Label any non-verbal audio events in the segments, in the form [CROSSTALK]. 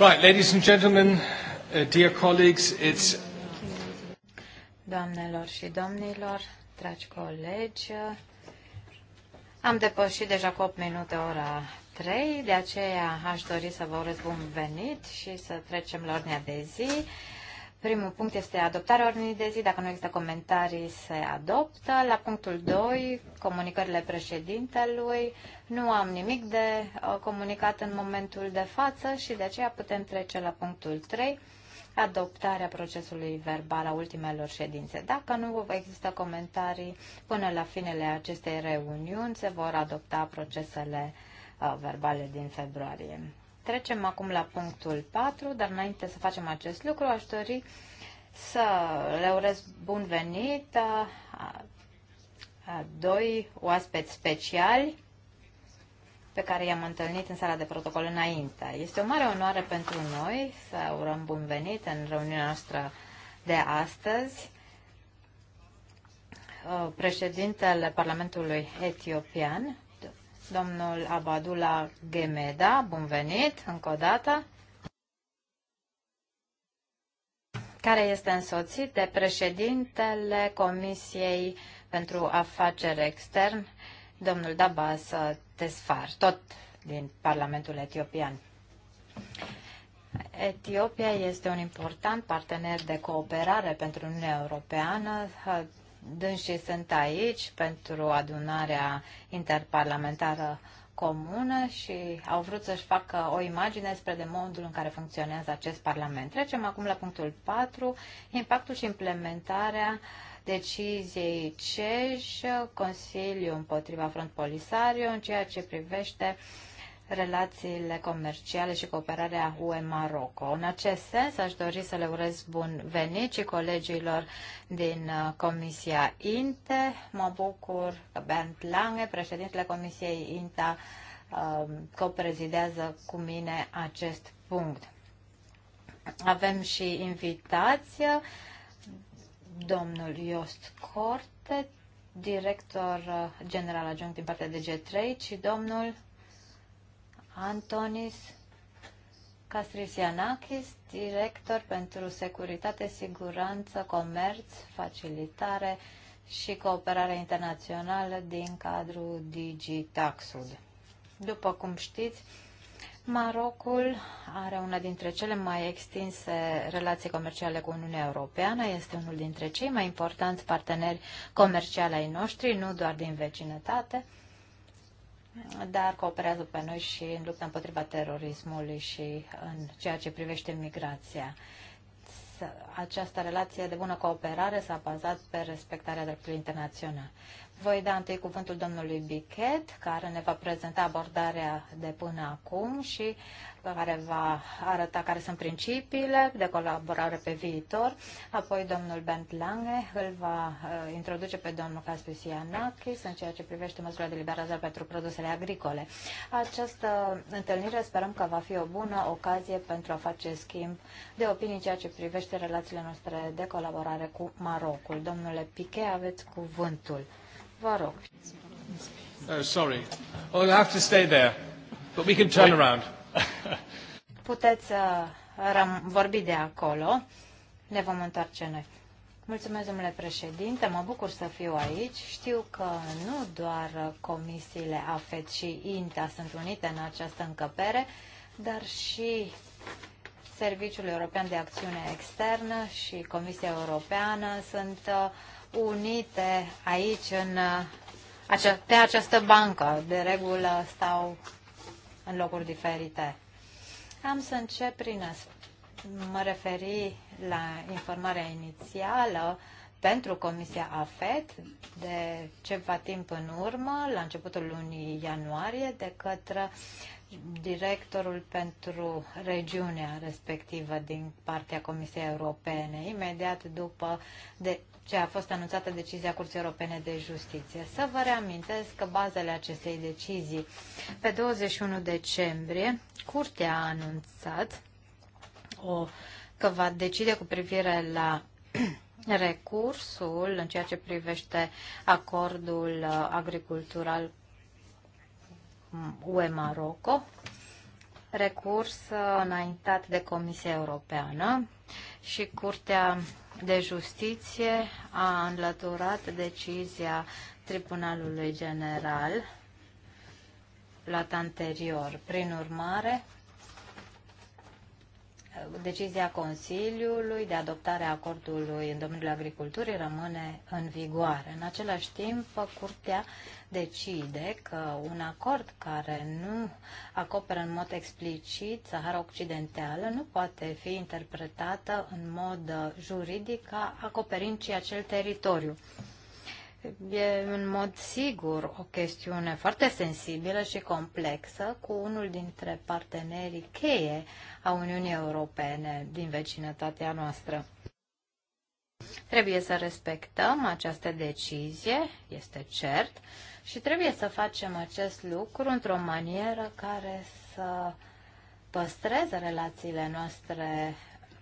Right, ladies and gentlemen, uh, dear colleagues, it's... Doamnelor și domnilor, dragi colegi, am depășit deja cu 8 minute ora 3, de aceea aș dori să vă urez bun venit și să trecem la ordinea de zi. Primul punct este adoptarea ordinii de zi. Dacă nu există comentarii, se adoptă. La punctul 2, comunicările președintelui. Nu am nimic de uh, comunicat în momentul de față și de aceea putem trece la punctul 3, adoptarea procesului verbal a ultimelor ședințe. Dacă nu există comentarii până la finele acestei reuniuni, se vor adopta procesele uh, verbale din februarie. Trecem acum la punctul 4, dar înainte să facem acest lucru, aș dori să le urez bun venit a, a doi oaspeți speciali pe care i-am întâlnit în sala de protocol înainte. Este o mare onoare pentru noi să urăm bun venit în reuniunea noastră de astăzi președintele Parlamentului Etiopian, domnul Abadula Gemeda, bun venit încă o dată, care este însoțit de președintele Comisiei pentru Afaceri Extern, domnul Dabas Tesfar, tot din Parlamentul Etiopian. Etiopia este un important partener de cooperare pentru Uniunea Europeană dânsii sunt aici pentru adunarea interparlamentară comună și au vrut să-și facă o imagine spre de modul în care funcționează acest Parlament. Trecem acum la punctul 4, impactul și implementarea deciziei CEJ, Consiliu împotriva Front Polisario, în ceea ce privește uh, relațiile comerciale și cooperarea UE-Maroco. În acest sens, aș dori să le urez bun venit și colegilor din uh, Comisia INTE. Mă bucur că Bernd Lange, președintele Comisiei INTA, um, coprezidează cu mine acest punct. Avem și invitația domnul Iost Corte, director uh, general adjunct din partea g 3 și domnul Antonis Castrisianakis, director pentru securitate, siguranță, comerț, facilitare și cooperare internațională din cadrul DigiTaxul. După cum știți, Marocul are una dintre cele mai extinse relații comerciale cu Uniunea Europeană, este unul dintre cei mai importanți parteneri comerciali ai noștri, nu doar din vecinătate, dar cooperează pe noi și în lupta împotriva terorismului și în ceea ce privește migrația. Această relație de bună cooperare s-a bazat pe respectarea dreptului internațional. Voi da întâi cuvântul domnului Bichet, care ne va prezenta abordarea de până acum și care va arăta care sunt principiile de colaborare pe viitor. Apoi domnul Bent Lange îl va uh, introduce pe domnul Caspis Ianakis în ceea ce privește măsura de liberalizare pentru produsele agricole. Această întâlnire sperăm că va fi o bună ocazie pentru a face schimb de opinii în ceea ce privește relațiile noastre de colaborare cu Marocul. Domnule Piche, aveți cuvântul. Vă rog. Oh, sorry. Oh, I have to stay there. But we can turn around. [LAUGHS] Puteți uh, vorbi de acolo. Ne vom întoarce noi. Mulțumesc, domnule președinte, mă bucur să fiu aici. Știu că nu doar comisiile AFET și INTA sunt unite în această încăpere, dar și Serviciul European de Acțiune Externă și Comisia Europeană sunt uh, unite aici în, uh, acea pe această bancă. De regulă stau în locuri diferite. Am să încep prin a mă referi la informarea inițială pentru Comisia AFET de ceva timp în urmă, la începutul lunii ianuarie, de către directorul pentru regiunea respectivă din partea Comisiei Europene, imediat după de ce a fost anunțată decizia Curții Europene de Justiție. Să vă reamintesc că bazele acestei decizii, pe 21 decembrie, Curtea a anunțat o, că va decide cu privire la [CLEARS THROAT] recursul în ceea ce privește acordul uh, agricultural UE-Maroco, recurs uh, înaintat de Comisia Europeană și Curtea de Justiție a înlăturat decizia Tribunalului General luat anterior. Prin urmare, decizia Consiliului de adoptare a acordului în domeniul agriculturii rămâne în vigoare. În același timp, Curtea decide că un acord care nu acoperă în mod explicit Sahara Occidentală nu poate fi interpretată în mod juridic ca acoperind și acel teritoriu e în mod sigur o chestiune foarte sensibilă și complexă cu unul dintre partenerii cheie a Uniunii Europene din vecinătatea noastră. Trebuie să respectăm această decizie, este cert, și trebuie să facem acest lucru într-o manieră care să păstreze relațiile noastre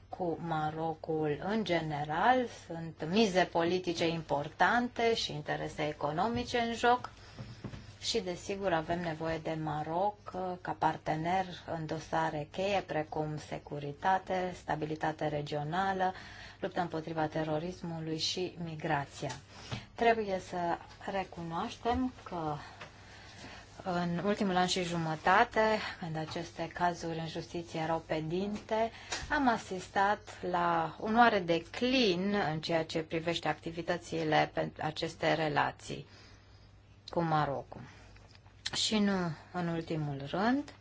cu Marocul în general. Sunt mize politice importante și interese economice în joc și, desigur, avem nevoie de Maroc uh, ca partener în dosare cheie, precum securitate, stabilitate regională, lupta împotriva terorismului și migrația. Trebuie să recunoaștem că în ultimul an și jumătate, când aceste cazuri în justiție erau pedinte, am asistat la un oare declin în ceea ce privește activitățile pe aceste relații cu Marocul. Și nu în ultimul rând,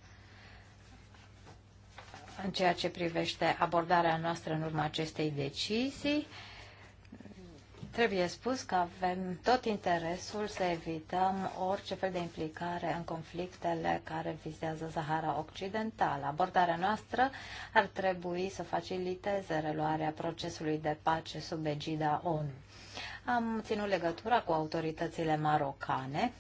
în ceea ce privește abordarea noastră în urma acestei decizii, Trebuie spus că avem tot interesul să evităm orice fel de implicare în conflictele care vizează zahara Occidentală. Abordarea noastră ar trebui să faciliteze reluarea procesului de pace sub egida ONU. Am ținut legătura cu autoritățile marocane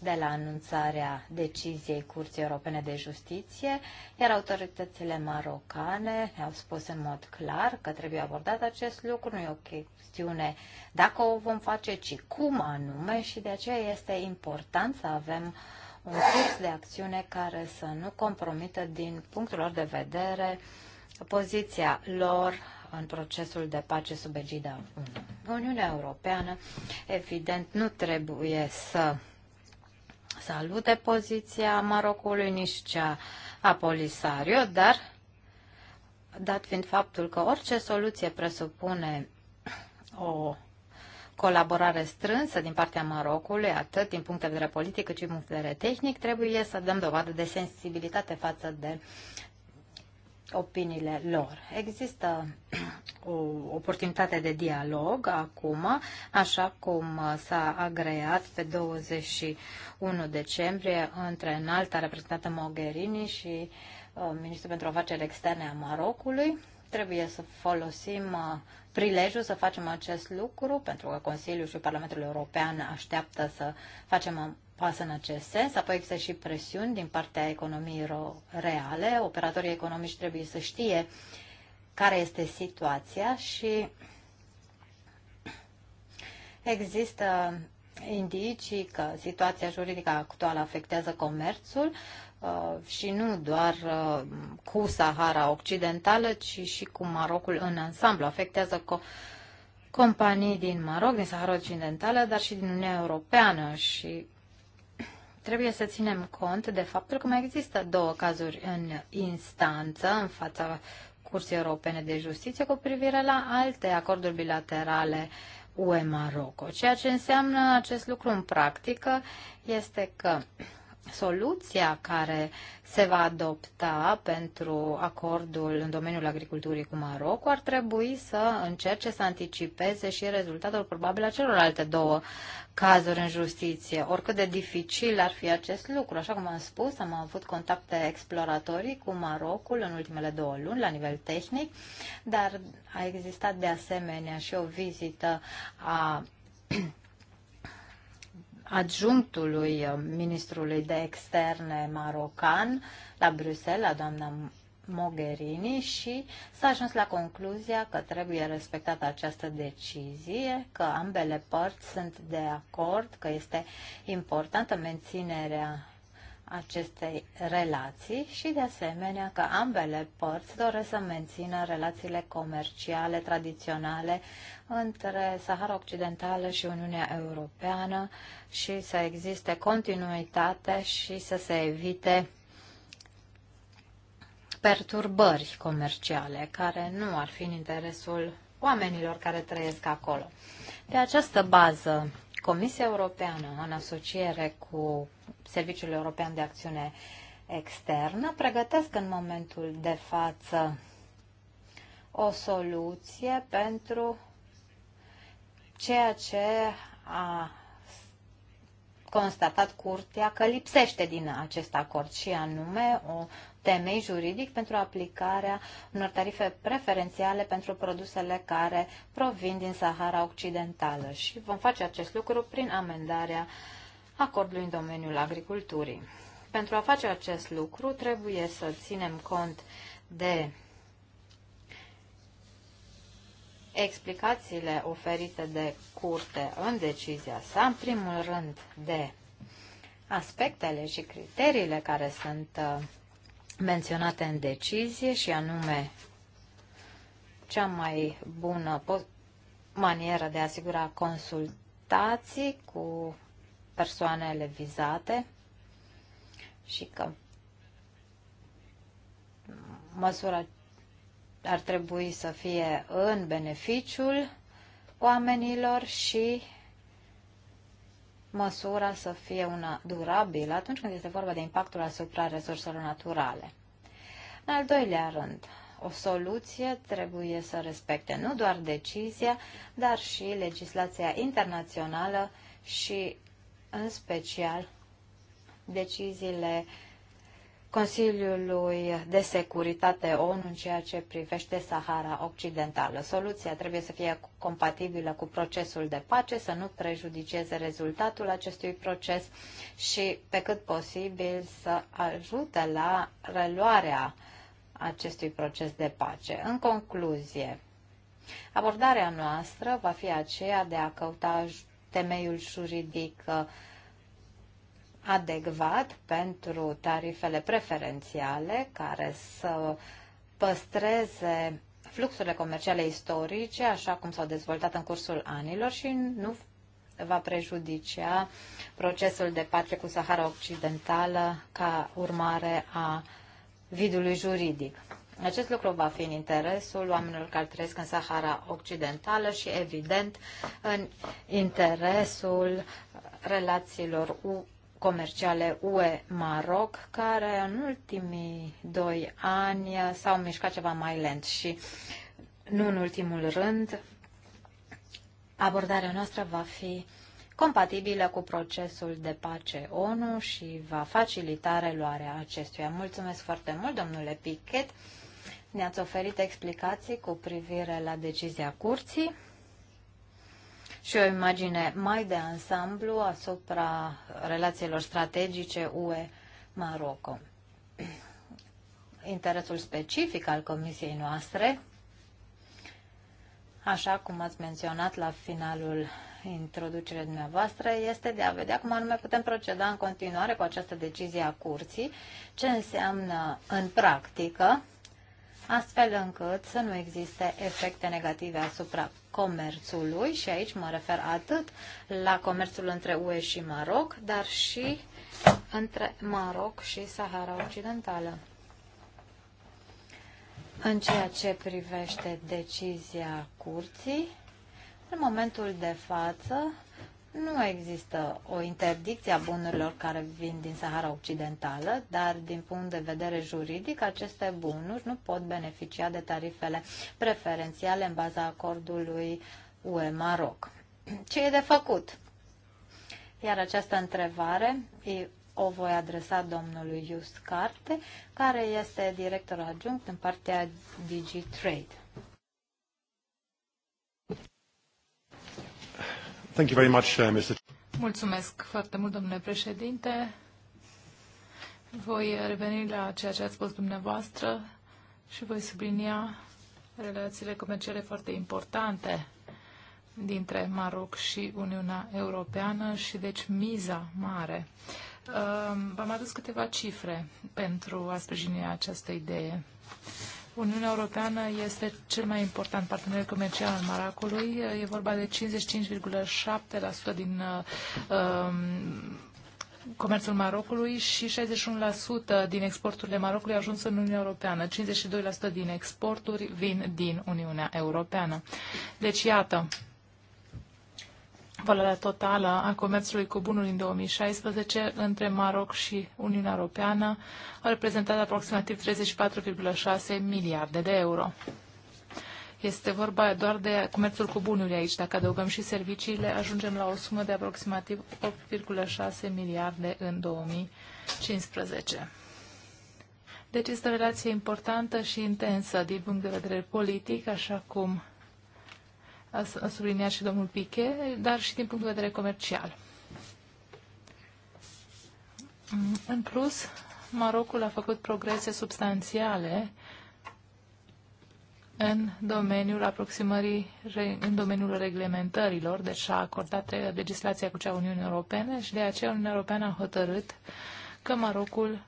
de la anunțarea deciziei Curții Europene de Justiție, iar autoritățile marocane au spus în mod clar că trebuie abordat acest lucru, nu e o chestiune dacă o vom face, ci cum anume și de aceea este important să avem un curs de acțiune care să nu compromită din punctul lor de vedere poziția lor în procesul de pace sub egida 1. Uniunea Europeană, evident, nu trebuie să salute poziția Marocului, nici cea a Polisario, dar dat fiind faptul că orice soluție presupune o colaborare strânsă din partea Marocului, atât din punct de vedere politic cât și din punct de vedere tehnic, trebuie să dăm dovadă de sensibilitate față de uh, opiniile lor. Există o oportunitate de dialog acum, așa cum s-a agreat pe 21 decembrie între înalta reprezentantă Mogherini și uh, Ministrul pentru Afaceri Externe a Marocului. Trebuie să folosim uh, prilejul să facem acest lucru, pentru că Consiliul și Parlamentul European așteaptă să facem pas în acest sens. Apoi există și presiuni din partea economiei reale. Operatorii economici trebuie să știe care este situația și există indicii că situația juridică actuală afectează comerțul uh, și nu doar uh, cu Sahara Occidentală, ci și cu Marocul în ansamblu. Afectează co- companii din Maroc, din Sahara Occidentală, dar și din Uniunea Europeană și trebuie să ținem cont de faptul că mai există două cazuri în instanță în fața Curții Europene de Justiție cu privire la alte acorduri bilaterale UE-Maroco. Ceea ce înseamnă acest lucru în practică este că soluția care se va adopta pentru acordul în domeniul agriculturii cu Maroc ar trebui să încerce să anticipeze și rezultatul probabil a celorlalte două cazuri în justiție. Oricât de dificil ar fi acest lucru, așa cum am spus, am avut contacte exploratorii cu Marocul în ultimele două luni la nivel tehnic, dar a existat de asemenea și o vizită a adjunctului ministrului de externe marocan la Bruxelles, la doamna Mogherini și s-a ajuns la concluzia că trebuie respectată această decizie, că ambele părți sunt de acord, că este importantă menținerea acestei relații și, de asemenea, că ambele părți doresc să mențină relațiile comerciale tradiționale între Sahara Occidentală și Uniunea Europeană și să existe continuitate și să se evite perturbări comerciale care nu ar fi în interesul oamenilor care trăiesc acolo. Pe această bază Comisia Europeană, în asociere cu Serviciul European de Acțiune Externă, pregătesc în momentul de față o soluție pentru ceea ce a constatat curtea că lipsește din acest acord și anume o temei juridic pentru aplicarea unor tarife preferențiale pentru produsele care provin din Sahara Occidentală și vom face acest lucru prin amendarea acordului în domeniul agriculturii. Pentru a face acest lucru trebuie să ținem cont de explicațiile oferite de curte în decizia sa, în primul rând de aspectele și criteriile care sunt uh, menționate în decizie și anume cea mai bună manieră de a asigura consultații cu persoanele vizate și că măsura ar trebui să fie în beneficiul oamenilor și măsura să fie una durabilă atunci când este vorba de impactul asupra resurselor naturale. În al doilea rând, o soluție trebuie să respecte nu doar decizia, dar și legislația internațională și, în special, deciziile Consiliului de Securitate ONU în ceea ce privește Sahara Occidentală. Soluția trebuie să fie compatibilă cu procesul de pace, să nu prejudiceze rezultatul acestui proces și, pe cât posibil, să ajute la reluarea acestui proces de pace. În concluzie, abordarea noastră va fi aceea de a căuta temeiul juridic uh, adecvat pentru tarifele preferențiale care să păstreze fluxurile comerciale istorice așa cum s-au dezvoltat în cursul anilor și nu va prejudicia procesul de pace cu Sahara Occidentală ca urmare a vidului juridic. Acest lucru va fi în interesul oamenilor care trăiesc în Sahara Occidentală și, evident, în interesul relațiilor comerciale UE-Maroc, care în ultimii doi ani s-au mișcat ceva mai lent și, nu în ultimul rând, abordarea noastră va fi compatibilă cu procesul de pace ONU și va facilita reluarea acestuia. Mulțumesc foarte mult, domnule Pichet. Ne-ați oferit explicații cu privire la decizia curții și o imagine mai de ansamblu asupra relațiilor strategice UE-Maroco. Interesul specific al comisiei noastre, așa cum ați menționat la finalul introducerii dumneavoastră este de a vedea cum anume putem proceda în continuare cu această decizie a curții, ce înseamnă în practică astfel încât să nu existe efecte negative asupra comerțului și aici mă refer atât la comerțul între UE și Maroc, dar și între Maroc și Sahara Occidentală. În ceea ce privește decizia curții, în momentul de față nu există o interdicție a bunurilor care vin din Sahara Occidentală, dar din punct de vedere juridic, aceste bunuri nu pot beneficia de tarifele preferențiale în baza acordului UE-Maroc. Ce e de făcut? Iar această întrebare o voi adresa domnului Just Carte, care este director adjunct în partea DigiTrade. Thank you very much, uh, Mr. Mulțumesc foarte mult, domnule președinte. Voi reveni la ceea ce ați spus dumneavoastră și voi sublinia relațiile comerciale foarte importante dintre Maroc și Uniunea Europeană și deci miza mare. Uh, v-am adus câteva cifre pentru a sprijini această idee. Uniunea Europeană este cel mai important partener comercial al Maracului. E vorba de 55,7% din um, comerțul Marocului și 61% din exporturile Marocului ajuns în Uniunea Europeană. 52% din exporturi vin din Uniunea Europeană. Deci, iată, valoarea totală a comerțului cu bunuri în 2016 între Maroc și Uniunea Europeană a reprezentat aproximativ 34,6 miliarde de euro. Este vorba doar de comerțul cu bunuri aici. Dacă adăugăm și serviciile, ajungem la o sumă de aproximativ 8,6 miliarde în 2015. Deci este o relație importantă și intensă din punct de vedere politic, așa cum a subliniat și domnul Piche, dar și din punct de vedere comercial. Mm, în plus, Marocul a făcut progrese substanțiale în domeniul aproximării, în domeniul reglementărilor, deci a acordat legislația cu cea Uniunii Europene și de aceea Uniunea Europeană a hotărât că Marocul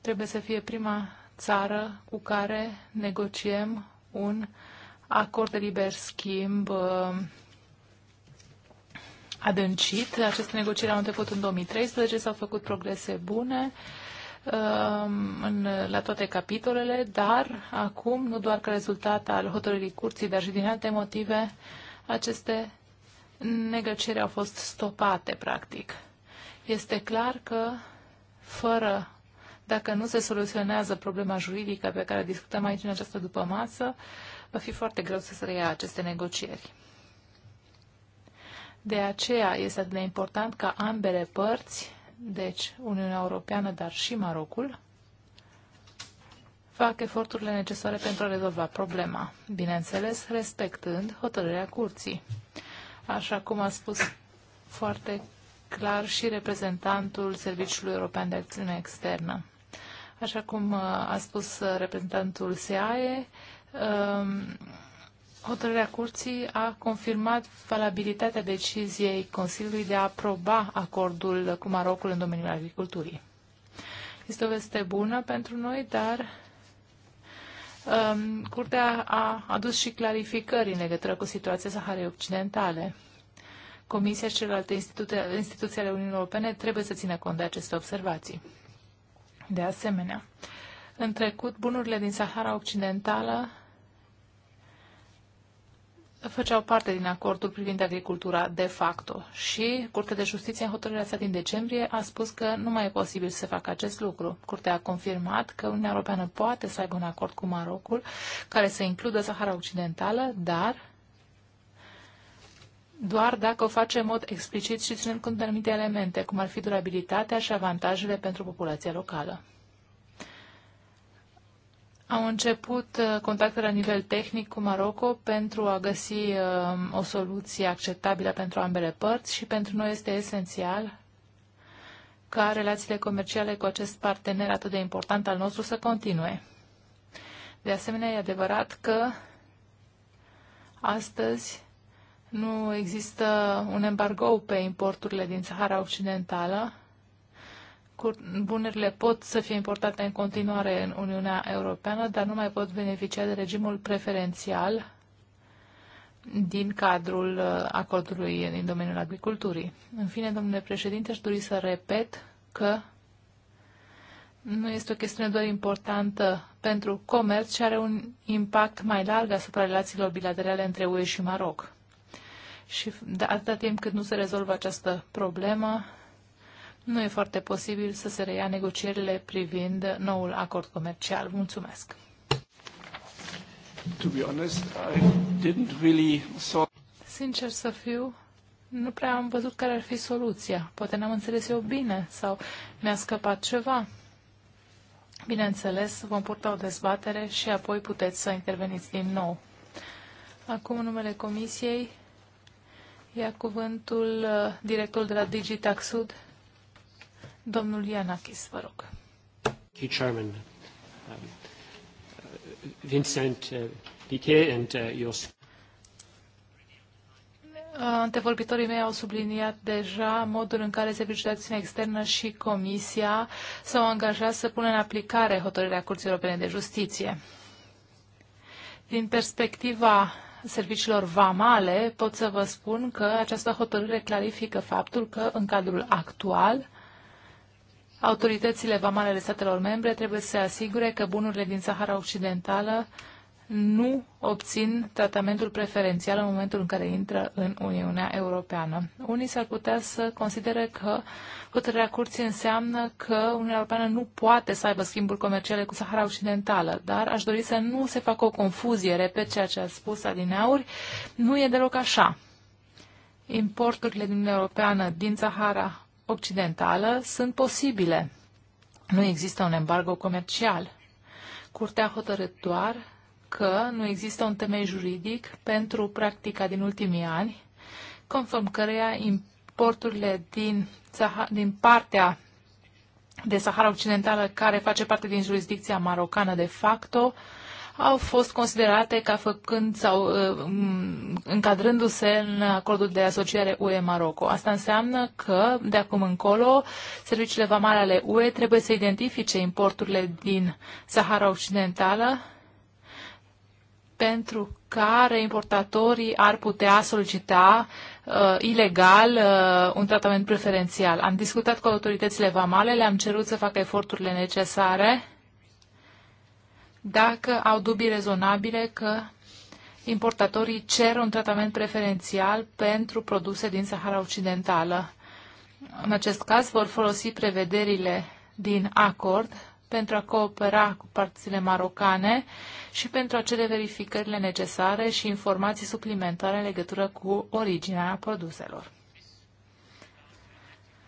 trebuie să fie prima țară cu care negociem un uh, acord de liber schimb uh, adâncit. Aceste negocieri au început în 2013, s-au făcut progrese bune uh, la toate capitolele, dar acum, nu doar ca rezultat al hotărârii curții, dar și din alte motive, aceste negocieri au fost stopate, practic. Este clar că, fără, dacă nu se soluționează problema juridică pe care discutăm aici în această dupămasă, masă, va fi foarte greu să se reia aceste negocieri. De aceea este atât de important ca ambele părți, deci Uniunea Europeană, dar și Marocul, fac eforturile necesare pentru a rezolva problema, bineînțeles respectând hotărârea curții. Așa cum a spus foarte clar și reprezentantul Serviciului European de Acțiune Externă. Așa cum uh, a spus uh, reprezentantul SEAE, Um, hotărârea curții a confirmat valabilitatea deciziei Consiliului de a aproba acordul cu Marocul în domeniul agriculturii. Este o veste bună pentru noi, dar um, Curtea a adus și clarificări în legătură cu situația Saharei Occidentale. Comisia și celelalte instituții ale Uniunii Europene trebuie să țină cont de aceste observații. De asemenea, uh, în trecut, bunurile din Sahara Occidentală făceau parte din acordul privind agricultura de facto și Curtea de Justiție în hotărârea sa din decembrie a spus că nu mai e posibil să facă acest lucru. Curtea a confirmat că Uniunea Europeană poate să aibă un acord cu Marocul care să includă Sahara Occidentală, dar doar dacă o face în mod explicit și ținând cont de anumite elemente, cum ar fi durabilitatea și avantajele pentru populația locală. Au început uh, contacte la nivel tehnic cu Maroco pentru a găsi uh, o soluție acceptabilă pentru ambele părți și pentru noi este esențial ca relațiile comerciale cu acest partener atât de important al nostru să continue. De asemenea, e adevărat că astăzi nu există un embargo pe importurile din Sahara Occidentală, bunurile pot să fie importate în continuare în Uniunea Europeană, dar nu mai pot beneficia de regimul preferențial din cadrul uh, acordului din domeniul agriculturii. În fine, domnule președinte, aș dori să repet că nu este o chestiune doar importantă pentru comerț, ci are un impact mai larg asupra relațiilor bilaterale între UE și Maroc. Și de atâta timp cât nu se rezolvă această problemă, nu e foarte posibil să se reia negocierile privind noul acord comercial. Mulțumesc! To be honest, I didn't really saw... Sincer să fiu, nu prea am văzut care ar fi soluția. Poate n-am înțeles eu bine sau mi-a scăpat ceva. Bineînțeles, vom purta o dezbatere și apoi puteți să interveniți din nou. Acum, numele Comisiei, ia cuvântul uh, directorul de la Digitax Sud, Domnul Ianakis, vă rog. Chairman. Um, uh, Vincent uh, Piquet and uh, your... Uh, antevorbitorii mei au subliniat deja modul în care Serviciul de Acțiune Externă și Comisia s-au angajat să pună în aplicare hotărârea Curții Europene de Justiție. Din perspectiva serviciilor vamale, pot să vă spun că această hotărâre clarifică faptul că, în cadrul actual, Autoritățile vamalele statelor membre trebuie să se asigure că bunurile din Sahara Occidentală nu obțin tratamentul preferențial în momentul în care intră în Uniunea Europeană. Unii s-ar putea să considere că hotărârea curții înseamnă că Uniunea Europeană nu poate să aibă schimburi comerciale cu Sahara Occidentală, dar aș dori să nu se facă o confuzie, repet ceea ce a spus Adineauri, nu e deloc așa. Importurile din Uniunea Europeană din Sahara occidentală sunt posibile. Nu există un embargo comercial. Curtea a hotărât doar că nu există un temei juridic pentru practica din ultimii ani, conform căreia importurile din, din partea de Sahara Occidentală, care face parte din jurisdicția marocană de facto, uh, au fost considerate ca făcând sau uh, încadrându-se în acordul de asociere UE-Maroco. Asta înseamnă că, de acum încolo, serviciile vamale ale UE trebuie să identifice importurile din Sahara Occidentală pentru care importatorii ar putea solicita uh, ilegal uh, un tratament preferențial. Am discutat cu autoritățile vamale, le-am cerut să facă eforturile necesare dacă au dubii rezonabile că importatorii cer un tratament preferențial pentru produse din Sahara Occidentală. În acest caz vor folosi prevederile din acord pentru a coopera cu părțile marocane și pentru a cere verificările necesare și informații suplimentare în legătură cu originea produselor.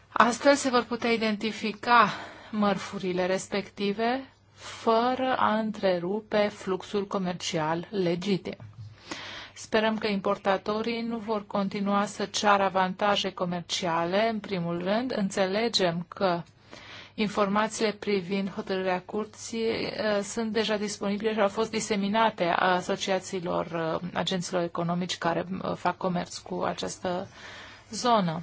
Astfel se vor putea identifica mărfurile respective fără a întrerupe fluxul comercial legitim. Sperăm că importatorii nu vor continua să ceară avantaje comerciale, în primul rând. Înțelegem că informațiile privind hotărârea curții eh, sunt deja disponibile și au fost diseminate asociațiilor eh, agenților economici care eh, fac comerț cu această zonă.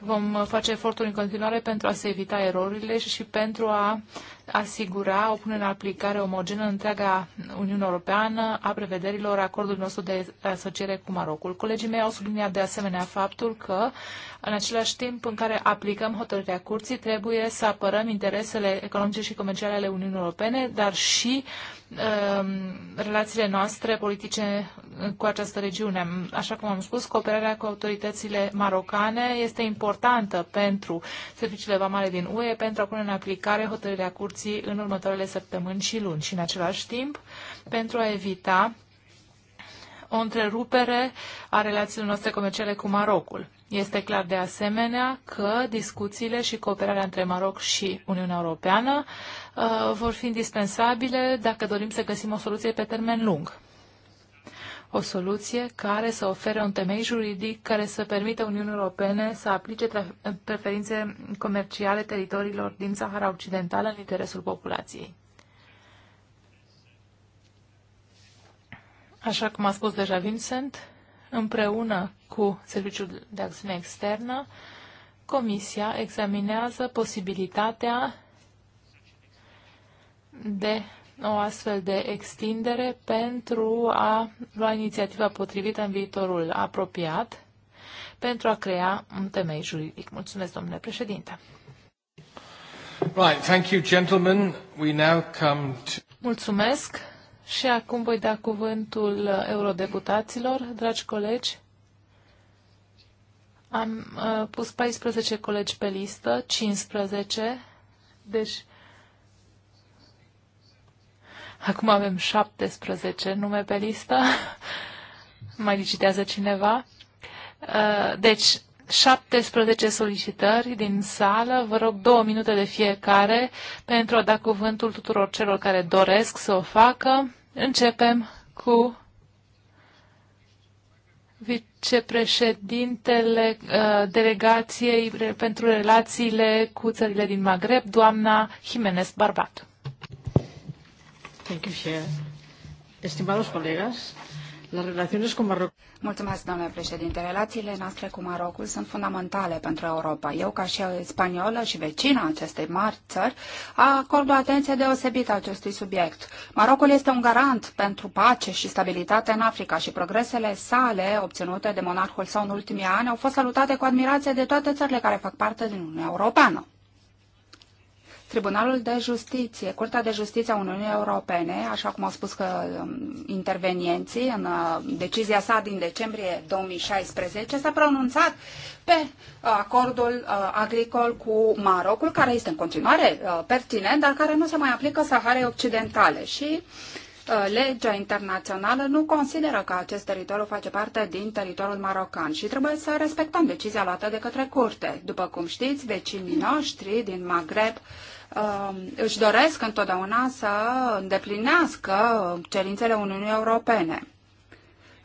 Vom face eforturi în continuare pentru a se evita erorile și pentru a asigura o punere în aplicare omogenă în întreaga Uniune Europeană a prevederilor acordului nostru de asociere cu Marocul. Colegii mei au subliniat de asemenea faptul că, în același timp în care aplicăm hotărârea curții, trebuie să apărăm interesele economice și comerciale ale Uniunii Europene, dar și um, relațiile noastre politice cu această regiune. Așa cum am spus, cooperarea cu autoritățile marocane este importantă pentru serviciile vamale din UE, pentru a pune în aplicare hotărârea curții discuții în următoarele săptămâni și luni și în același timp pentru a evita o întrerupere a relațiilor noastre comerciale cu Marocul. Este clar de asemenea că discuțiile și cooperarea între Maroc și Uniunea Europeană uh, vor fi indispensabile dacă dorim să găsim o soluție pe termen lung o soluție care să ofere un temei juridic care să permită Uniunii Europene să aplice preferințe comerciale teritoriilor din Sahara Occidentală în interesul populației. Așa cum a spus deja Vincent, împreună cu Serviciul de Acțiune Externă, Comisia examinează posibilitatea de o astfel de extindere pentru a lua inițiativa potrivită în viitorul apropiat pentru a crea un temei juridic. Mulțumesc, domnule președinte. Right, thank you, gentlemen. We now come to... Mulțumesc și acum voi da cuvântul eurodeputaților, dragi colegi. Am uh, pus 14 colegi pe listă, 15, deci Acum avem 17 nume pe listă. [LAUGHS] Mai licitează cineva. Uh, deci, 17 solicitări din sală. Vă rog două minute de fiecare pentru a da cuvântul tuturor celor care doresc să o facă. Începem cu vicepreședintele uh, delegației pentru relațiile cu țările din Maghreb, doamna Jimenez Barbatu. Thank you, Chair. Estimados colegas, las relaciones con Marruecos... Mulțumesc, domnule președinte. Relațiile noastre cu Marocul sunt fundamentale pentru Europa. Eu, ca și spaniolă și vecina acestei mari țări, acord o atenție deosebită acestui subiect. Marocul este un garant pentru pace și stabilitate în Africa și progresele sale obținute de monarhul său în ultimii ani au fost salutate cu admirație de toate țările care fac parte din Uniunea Europeană. Tribunalul de Justiție, Curtea de Justiție a Uniunii Europene, așa cum au spus că um, intervenienții, în uh, decizia sa din decembrie 2016, s-a pronunțat pe uh, acordul uh, agricol cu Marocul, care este în continuare pertinent, dar care nu se mai aplică Saharei Occidentale. Și uh, Uh, legea internațională nu consideră că acest teritoriu face parte din teritoriul marocan și trebuie să respectăm decizia luată de către curte. După cum știți, vecinii noștri din Maghreb um, își doresc întotdeauna să îndeplinească cerințele Uniunii Europene.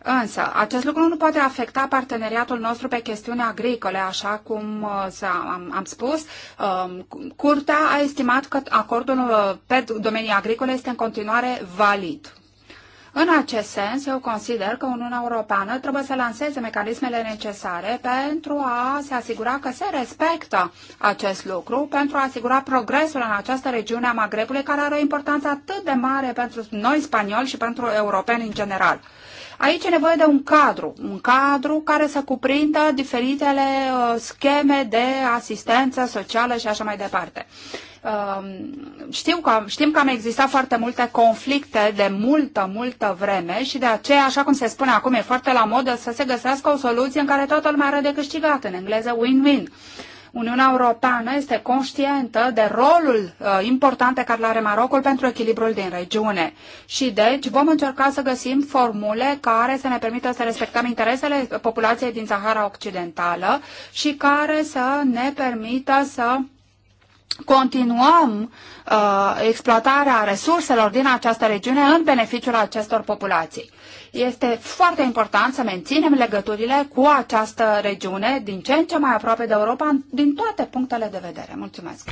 Însă, acest lucru nu poate afecta parteneriatul nostru pe chestiuni agricole, așa cum uh, am, am spus. Um, curtea a estimat că acordul uh, pe domenii agricole este în continuare valid. În acest sens, eu consider că Uniunea Europeană trebuie să lanseze mecanismele necesare pentru a se asigura că se respectă acest lucru, pentru a asigura progresul în această regiune a Magrebului, care are o importanță atât de mare pentru noi spanioli și pentru europeni în general. Aici e nevoie de un cadru, un cadru care să cuprindă diferitele uh, scheme de asistență socială și așa mai departe. Um, știu că, știm că am existat foarte multe conflicte de multă, multă vreme și de aceea, așa cum se spune acum, e foarte la modă să se găsească o soluție în care toată lumea are de câștigat, în engleză win-win. Uniunea Europeană este conștientă de rolul uh, important pe care îl are Marocul pentru echilibrul din regiune. Și deci vom încerca să găsim formule care să ne permită să respectăm interesele populației din Sahara Occidentală și care să ne permită să continuăm uh, exploatarea resurselor din această regiune în beneficiul acestor populații este foarte important să menținem legăturile cu această regiune din ce în ce mai aproape de Europa din toate punctele de vedere. Mulțumesc!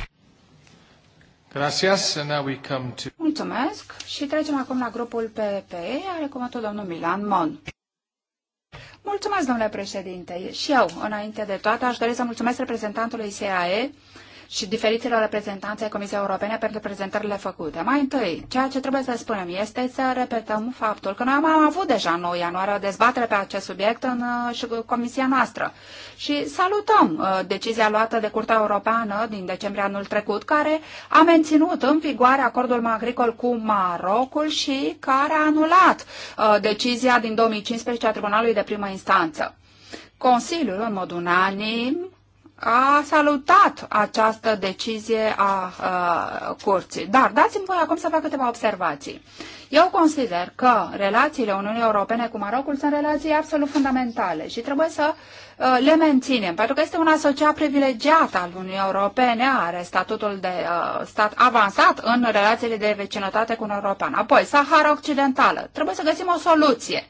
Gracias, and now we come to... Mulțumesc și trecem acum la grupul PPE, are cuvântul domnul Milan Mon. Mulțumesc, domnule președinte. Și eu, înainte de toate, aș dori să mulțumesc reprezentantului CAE și diferiților reprezentanți ai Comisiei Europene pentru prezentările făcute. Mai întâi, ceea ce trebuie să spunem este să repetăm faptul că noi am avut deja în 9 ianuarie o dezbatere pe acest subiect în uh, Comisia noastră și salutăm uh, decizia luată de Curtea Europeană din decembrie anul trecut, care a menținut în vigoare acordul agricol cu Marocul și care a anulat uh, decizia din 2015 a Tribunalului de primă instanță. Consiliul, în mod unanim, a salutat această decizie a, a curții. Dar dați-mi voi acum să fac câteva observații. Eu consider că relațiile Uniunii Europene cu Marocul sunt relații absolut fundamentale și trebuie să le menținem, pentru că este un asociat privilegiat al Uniunii Europene, are statutul de uh, stat avansat în relațiile de vecinătate cu Uniunea Europeană. Apoi, Sahara Occidentală. Trebuie să găsim o soluție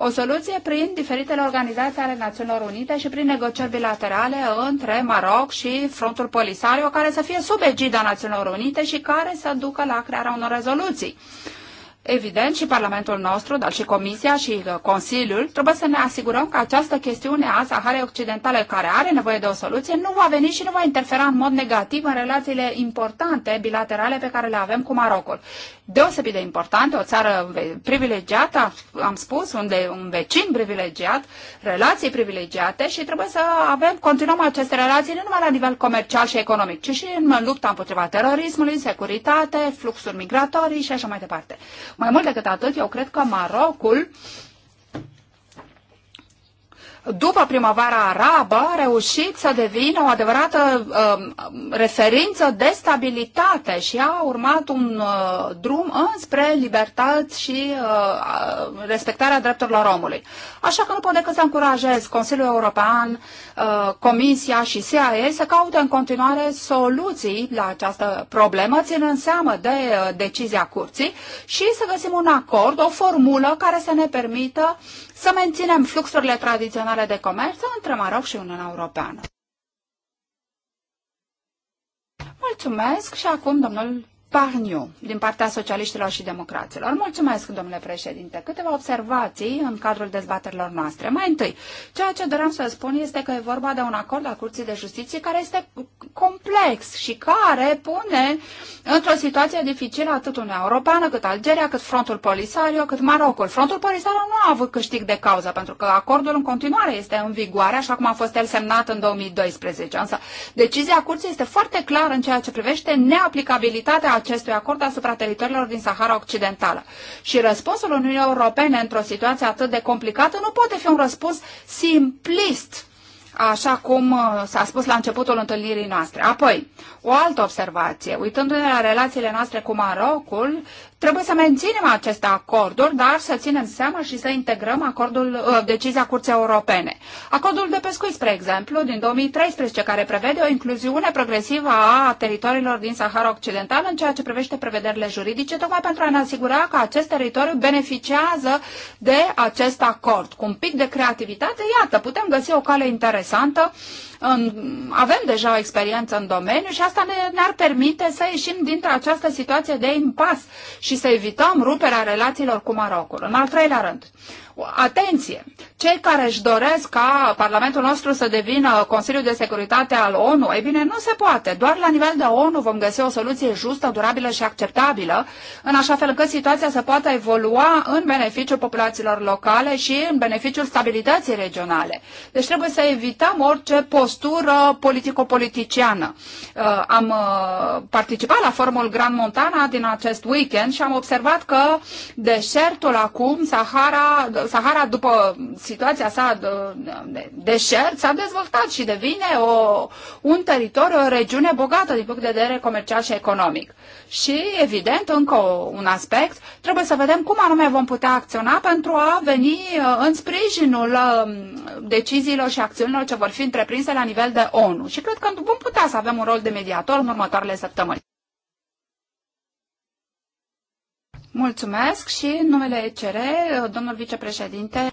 o soluție prin diferitele organizații ale Națiunilor Unite și prin negocieri bilaterale între Maroc și Frontul Polisario, care să fie sub egida Națiunilor Unite și care să ducă la crearea unor rezoluții. Evident, și Parlamentul nostru, dar și Comisia și uh, Consiliul trebuie să ne asigurăm că această chestiune a Saharei Occidentale, care are nevoie de o soluție, nu va veni și nu va interfera în mod negativ în relațiile importante bilaterale pe care le avem cu Marocul. Deosebit de importante, o țară privilegiată, am spus, unde un vecin privilegiat, relații privilegiate și trebuie să avem, continuăm aceste relații nu numai la nivel comercial și economic, ci și în lupta împotriva terorismului, securitate, fluxuri migratorii și așa mai departe. Mai mult decât atât, eu cred că Marocul după primăvara arabă, a reușit să devină o adevărată uh, referință de stabilitate și a urmat un uh, drum înspre libertate și uh, uh, respectarea drepturilor omului. Așa că nu pot decât să încurajez Consiliul European, uh, Comisia și CIA să caute în continuare soluții la această problemă, ținând seama de uh, decizia curții și să găsim un acord, o formulă care să ne permită uh, să menținem fluxurile tradiționale de comerț între Maroc și Uniunea Europeană. Mulțumesc și acum domnul Parniu, din partea socialiștilor și democraților. Mulțumesc, domnule președinte. Câteva observații în cadrul dezbaterilor noastre. Mai întâi, ceea ce doream să spun este că e vorba de un acord al Curții de Justiție care este complex și care pune într-o situație dificilă atât Uniunea Europeană, cât Algeria, cât Frontul Polisario, cât Marocul. Frontul Polisario nu a avut câștig de cauză, pentru că acordul în continuare este în vigoare, așa cum a fost el semnat în 2012. Însă, decizia Curții este foarte clară în ceea ce privește neaplicabilitatea acestui acord asupra teritoriilor din Sahara Occidentală. Și răspunsul Uniunii Europene într-o situație atât de complicată nu poate fi un răspuns simplist, așa cum uh, s-a spus la începutul întâlnirii noastre. Apoi, o altă observație, uitându-ne la relațiile noastre cu Marocul, Trebuie să menținem aceste acorduri, dar să ținem seama și să integrăm acordul, uh, decizia Curții Europene. Acordul de pescuit, spre exemplu, din 2013, care prevede o incluziune progresivă a teritoriilor din Sahara Occidental în ceea ce privește prevederile juridice, tocmai pentru a ne asigura că acest teritoriu beneficiază de acest acord. Cu un pic de creativitate, iată, putem găsi o cale interesantă în, avem deja o experiență în domeniu și asta ne, ne-ar permite să ieșim dintre această situație de impas și să evităm ruperea relațiilor cu Marocul. În al treilea rând, atenție. Cei care își doresc ca Parlamentul nostru să devină Consiliul de Securitate al ONU, e bine, nu se poate. Doar la nivel de ONU vom găsi o soluție justă, durabilă și acceptabilă, în așa fel încât situația să poată evolua în beneficiul populațiilor locale și în beneficiul stabilității regionale. Deci trebuie să evităm orice postură politico-politiciană. Uh, am uh, participat la formul Grand Montana din acest weekend și am observat că deșertul acum, Sahara, Sahara, după situația sa de deșert, s-a dezvoltat și devine o, un teritoriu, o regiune bogată din punct de vedere comercial și economic. Și, evident, încă un aspect, trebuie să vedem cum anume vom putea acționa pentru a veni uh, în sprijinul um, deciziilor și acțiunilor ce vor fi întreprinse la nivel de ONU. Și cred că vom putea să avem un rol de mediator în următoarele săptămâni. Mulțumesc și în numele ECR, domnul vicepreședinte.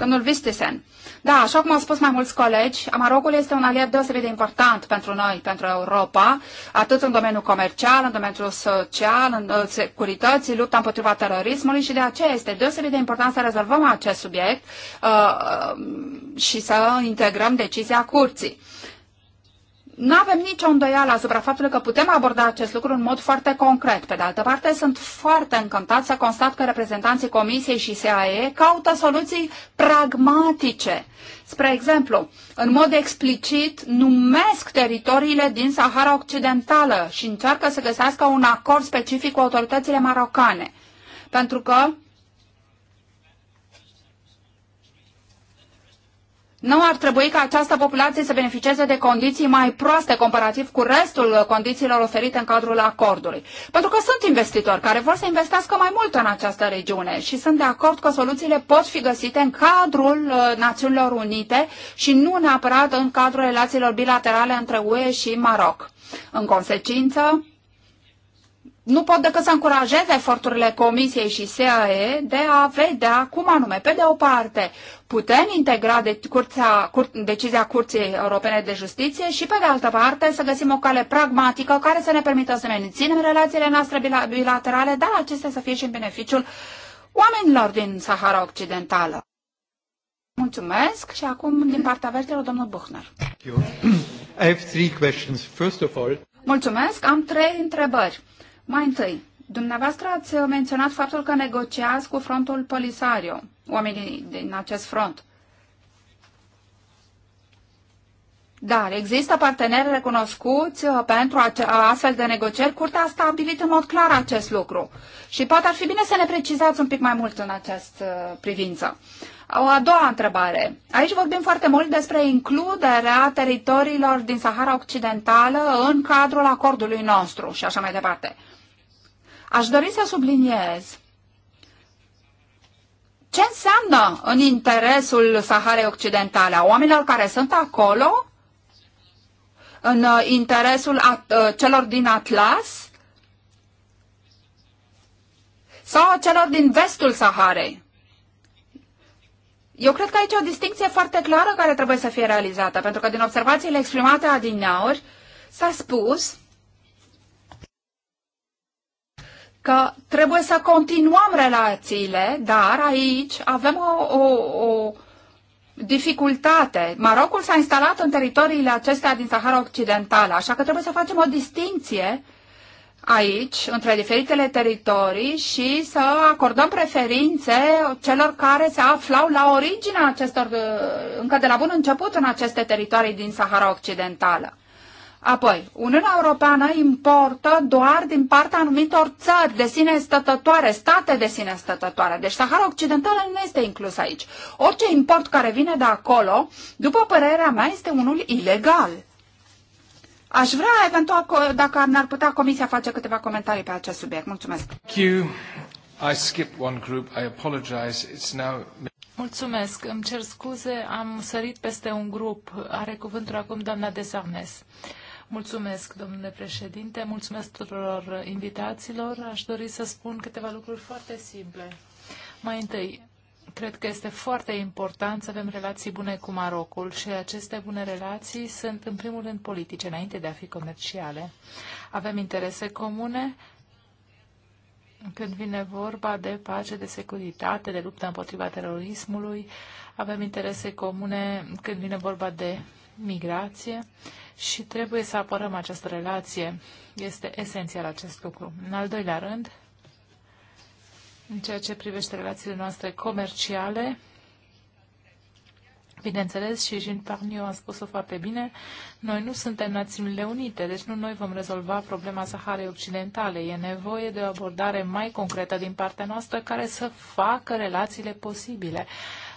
Domnul Vistisen. Da, așa cum au spus mai mulți colegi, Marocul este un aliat deosebit de important pentru noi, pentru Europa, atât în domeniul comercial, în domeniul social, în securității, lupta împotriva terorismului și de aceea este deosebit de important să rezolvăm acest subiect uh, uh și să integrăm decizia curții nu avem nicio îndoială asupra faptului că putem aborda acest lucru în mod foarte concret. Pe de altă parte, sunt foarte încântat să constat că reprezentanții Comisiei și SAE caută soluții pragmatice. Spre exemplu, în mod explicit numesc teritoriile din Sahara Occidentală și încearcă să găsească un acord specific cu autoritățile marocane. Pentru că Nu ar trebui ca această populație să beneficieze de condiții mai proaste comparativ cu restul condițiilor oferite în cadrul acordului. Pentru că sunt investitori care vor să investească mai mult în această regiune și sunt de acord că soluțiile pot fi găsite în cadrul uh, Națiunilor Unite și nu neapărat în cadrul relațiilor bilaterale între UE și Maroc. În consecință, nu pot decât să încurajez eforturile Comisiei și SAE de a vedea cum anume, pe de o parte, putem integra de curția, cur, decizia Curții Europene de Justiție și, pe de altă parte, să găsim o cale pragmatică care să ne permită să menținem relațiile noastre bilaterale, dar acestea să fie și în beneficiul oamenilor din Sahara Occidentală. Mulțumesc și acum, din partea verzilor, domnul Buchner. [CLEARS THROAT] Mulțumesc, am trei întrebări. Mai întâi, dumneavoastră ați menționat faptul că negociați cu frontul Polisario, oamenii din acest front. Dar există parteneri recunoscuți uh, pentru uh, astfel de negocieri. Curtea a stabilit în mod clar acest lucru. Și poate ar fi bine să ne precizați un pic mai mult în această privință. O a doua întrebare. Aici vorbim foarte mult despre includerea teritoriilor din Sahara Occidentală în cadrul acordului nostru și așa mai departe. Aș dori să subliniez ce înseamnă în interesul Saharei Occidentale a oamenilor care sunt acolo, în uh, interesul a, uh, celor din Atlas sau a celor din vestul Saharei. Eu cred că aici e o distinție foarte clară care trebuie să fie realizată, pentru că din observațiile exprimate adineauri s-a spus că trebuie să continuăm relațiile, dar aici avem o, o, o dificultate. Marocul s-a instalat în teritoriile acestea din Sahara Occidentală, așa că trebuie să facem o distinție aici, între diferitele teritorii și să acordăm preferințe celor care se aflau la originea acestor, încă de la bun început, în aceste teritorii din Sahara Occidentală. Apoi, Uniunea Europeană importă doar din partea anumitor țări de sine stătătoare, state de sine stătătoare. Deci Sahara Occidentală nu este inclus aici. Orice import care vine de acolo, după părerea mea, este unul ilegal. Aș vrea, eventual, dacă ne-ar putea Comisia face câteva comentarii pe acest subiect. Mulțumesc. Mulțumesc. Îmi cer scuze, am sărit peste un grup. Are cuvântul acum doamna Desarnes. Uh, Mulțumesc, domnule președinte, mulțumesc tuturor invitațiilor. Aș dori să spun câteva lucruri foarte simple. Mai întâi, cred că este foarte important să avem relații bune cu Marocul și aceste bune relații sunt, în primul rând, politice, înainte de a fi comerciale. Avem interese comune când vine vorba de pace, de securitate, de luptă împotriva terorismului, avem interese comune când vine vorba de migrație și trebuie să apărăm această relație. Este esențial acest lucru. În al doilea rând, în ceea ce privește relațiile noastre comerciale, bineînțeles, și Jean Parniu a spus-o foarte bine, noi nu suntem Națiunile Unite, deci nu noi vom rezolva problema Saharei Occidentale. E nevoie de o abordare mai concretă din partea noastră care să facă relațiile posibile.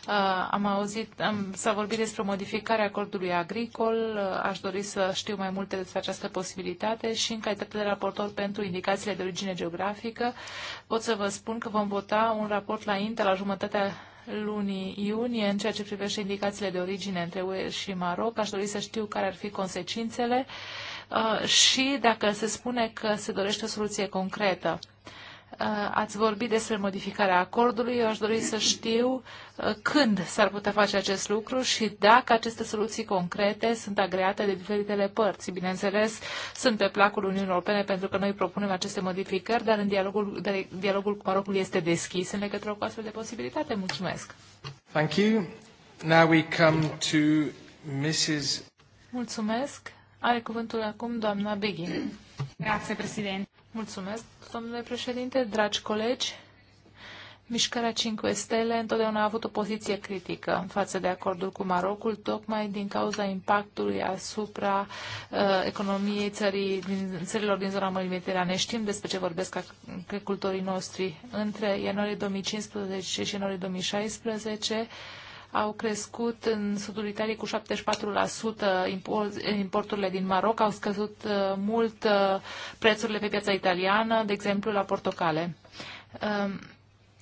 Uh, am auzit, s-a vorbit despre modificarea acordului agricol. Uh, aș dori să știu mai multe despre această posibilitate și în calitate de raportor pentru indicațiile de origine geografică pot să vă spun că vom vota un raport la INTA la jumătatea lunii iunie în ceea ce privește indicațiile de origine între UE și Maroc. Aș dori să știu care ar fi consecințele uh, și dacă se spune că se dorește o soluție concretă. Uh, ați vorbit despre modificarea acordului. Eu aș dori să știu uh, când s-ar putea face acest lucru și dacă aceste soluții concrete sunt agreate de diferitele părți. Bineînțeles, sunt pe placul Uniunii Europene pentru că noi propunem aceste modificări, dar în dialogul, dialogul cu Marocul este deschis în legătură cu astfel de posibilitate. Mulțumesc! Thank you. Now we come to Mrs. Mulțumesc. Are cuvântul acum doamna Beghin. Grazie, președinte. Mulțumesc, domnule președinte, dragi colegi. Mișcarea 5 Stele întotdeauna a avut o poziție critică față de acordul cu Marocul, tocmai din cauza impactului asupra uh, economiei țării, din, țărilor din zona Mării Mediterane. Știm despre ce vorbesc agricultorii noștri. Între ianuarie 2015 și ianuarie 2016, au crescut în sudul Italiei cu 74% importurile din Maroc, au scăzut uh, mult uh, prețurile pe piața italiană, de exemplu la portocale. Um,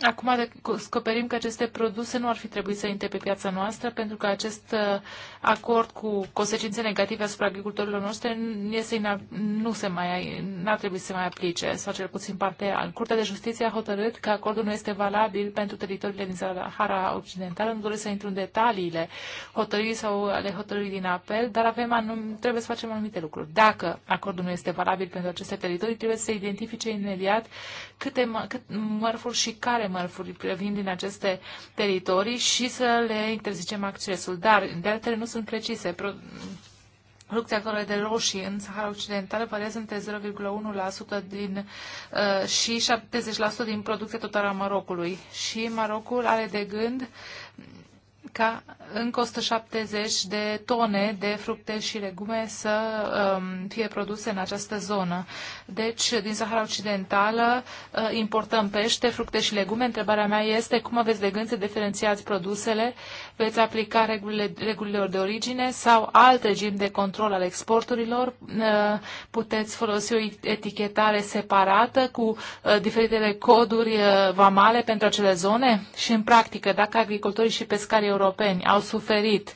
Acum descoperim că aceste produse nu ar fi trebuit să intre pe piața noastră pentru că acest uh, acord cu consecințe negative asupra agricultorilor noștri este, nu se mai, n-ar trebui să se mai aplice, sau cel puțin partea. Curtea de Justiție a hotărât că acordul nu este valabil pentru teritoriile din Sahara Occidentală. Nu doresc să intru în detaliile hotărârii sau ale hotărârii din apel, dar avem anum, trebuie să facem anumite lucruri. Dacă acordul nu este valabil pentru aceste teritorii, trebuie să se identifice imediat câte cât mărfuri și care mărfuri vin din aceste teritorii și să le interzicem accesul. Dar datele nu sunt precise. Pro- Producția acolo de roșii în Sahara Occidentală variază între 0,1% din, uh, și 70% din producția totală a Marocului. Și Marocul are de gând ca încă 170 de tone de fructe și legume să um, fie produse în această zonă. Deci, din Sahara Occidentală uh, importăm pește, fructe și legume. Întrebarea mea este cum aveți de gând să diferențiați produsele veți aplica regulile, regulilor de origine sau alt regim de control al exporturilor. Uh, puteți folosi o etichetare separată cu uh, diferitele coduri uh, vamale pentru acele zone și, în practică, dacă agricultorii și pescarii europeni au suferit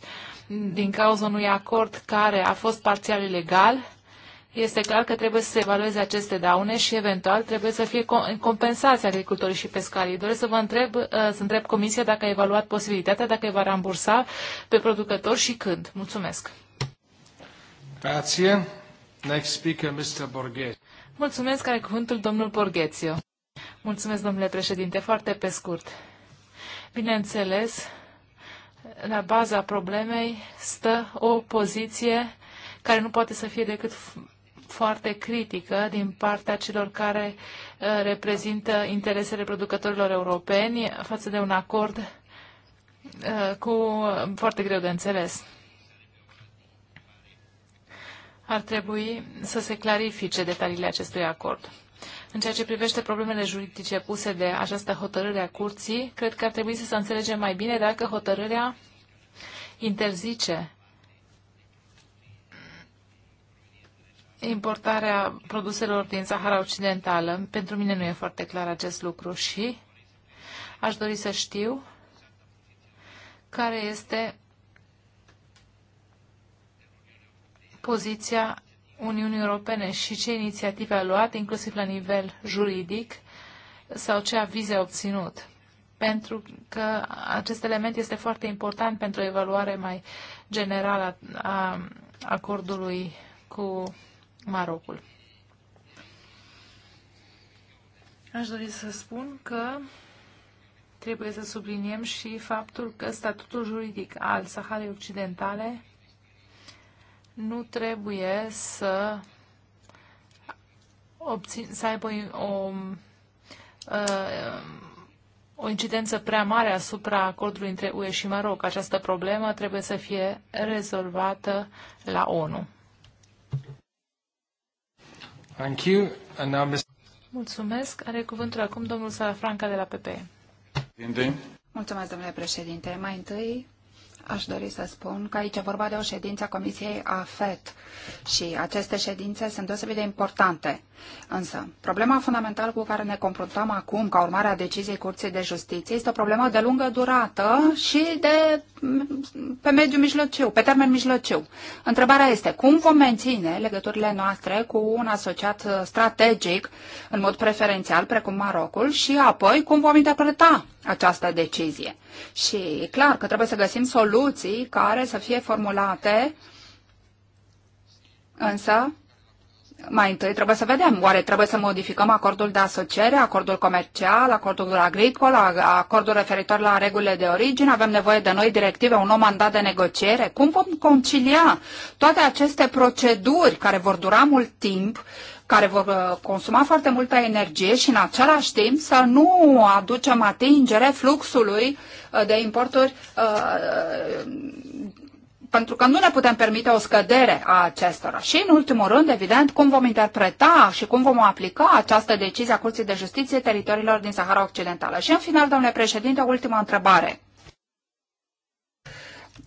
din cauza unui acord care a fost parțial ilegal, este clar că trebuie să se evalueze aceste daune și eventual trebuie să fie compensați agricultorii și pescarii. Doresc să vă întreb, uh, să întreb Comisia dacă a evaluat posibilitatea, dacă îi va rambursa pe producători și când. Mulțumesc. Grazie. Next speaker, Mr. Borghetti. Mulțumesc, are cuvântul domnul Borghețiu. Mulțumesc, domnule președinte, foarte pe scurt. Bineînțeles, la baza problemei stă o poziție care nu poate să fie decât foarte critică din partea celor care uh, reprezintă interesele producătorilor europeni față de un acord uh, cu uh, foarte greu de înțeles. Ar trebui să se clarifice detaliile acestui acord. În ceea ce privește problemele juridice puse de această hotărâre a curții, cred că ar trebui să se înțelege mai bine dacă hotărârea interzice importarea produselor din Sahara Occidentală. Pentru mine nu e foarte clar acest lucru și aș dori să știu care este poziția Uniunii Europene și ce inițiative a luat, inclusiv la nivel juridic, sau ce avize a obținut. Pentru că acest element este foarte important pentru o evaluare mai generală a acordului cu Marocul. Aș dori să spun că trebuie să subliniem și faptul că statutul juridic al Saharei Occidentale nu trebuie să, obțin, să aibă o, o incidență prea mare asupra acordului între UE și Maroc. Această problemă trebuie să fie rezolvată la ONU. Thank you. And now Ms. Mulțumesc. Are cuvântul acum domnul Sarafranca de la PPE. Mulțumesc, domnule președinte. Mai întâi, Aș dori să spun că aici e vorba de o ședință a Comisiei AFET și aceste ședințe sunt deosebit de importante. Însă, problema fundamentală cu care ne confruntăm acum, ca urmare a deciziei Curții de Justiție, este o problemă de lungă durată și de pe mediu mijlociu, pe termen mijlociu. Întrebarea este cum vom menține legăturile noastre cu un asociat strategic, în mod preferențial, precum Marocul, și apoi cum vom interpreta această decizie. Și e clar că trebuie să găsim soluții care să fie formulate însă mai întâi trebuie să vedem, oare trebuie să modificăm acordul de asociere, acordul comercial, acordul agricol, acordul referitor la regulile de origine, avem nevoie de noi directive, un nou mandat de negociere. Cum vom concilia toate aceste proceduri care vor dura mult timp, care vor uh, consuma foarte multă energie și în același timp să nu aducem atingere fluxului uh, de importuri uh, pentru că nu ne putem permite o scădere a acestora. Și, în ultimul rând, evident, cum vom interpreta și cum vom aplica această decizie a Curții de Justiție teritoriilor din Sahara Occidentală. Și, în final, domnule președinte, ultima întrebare.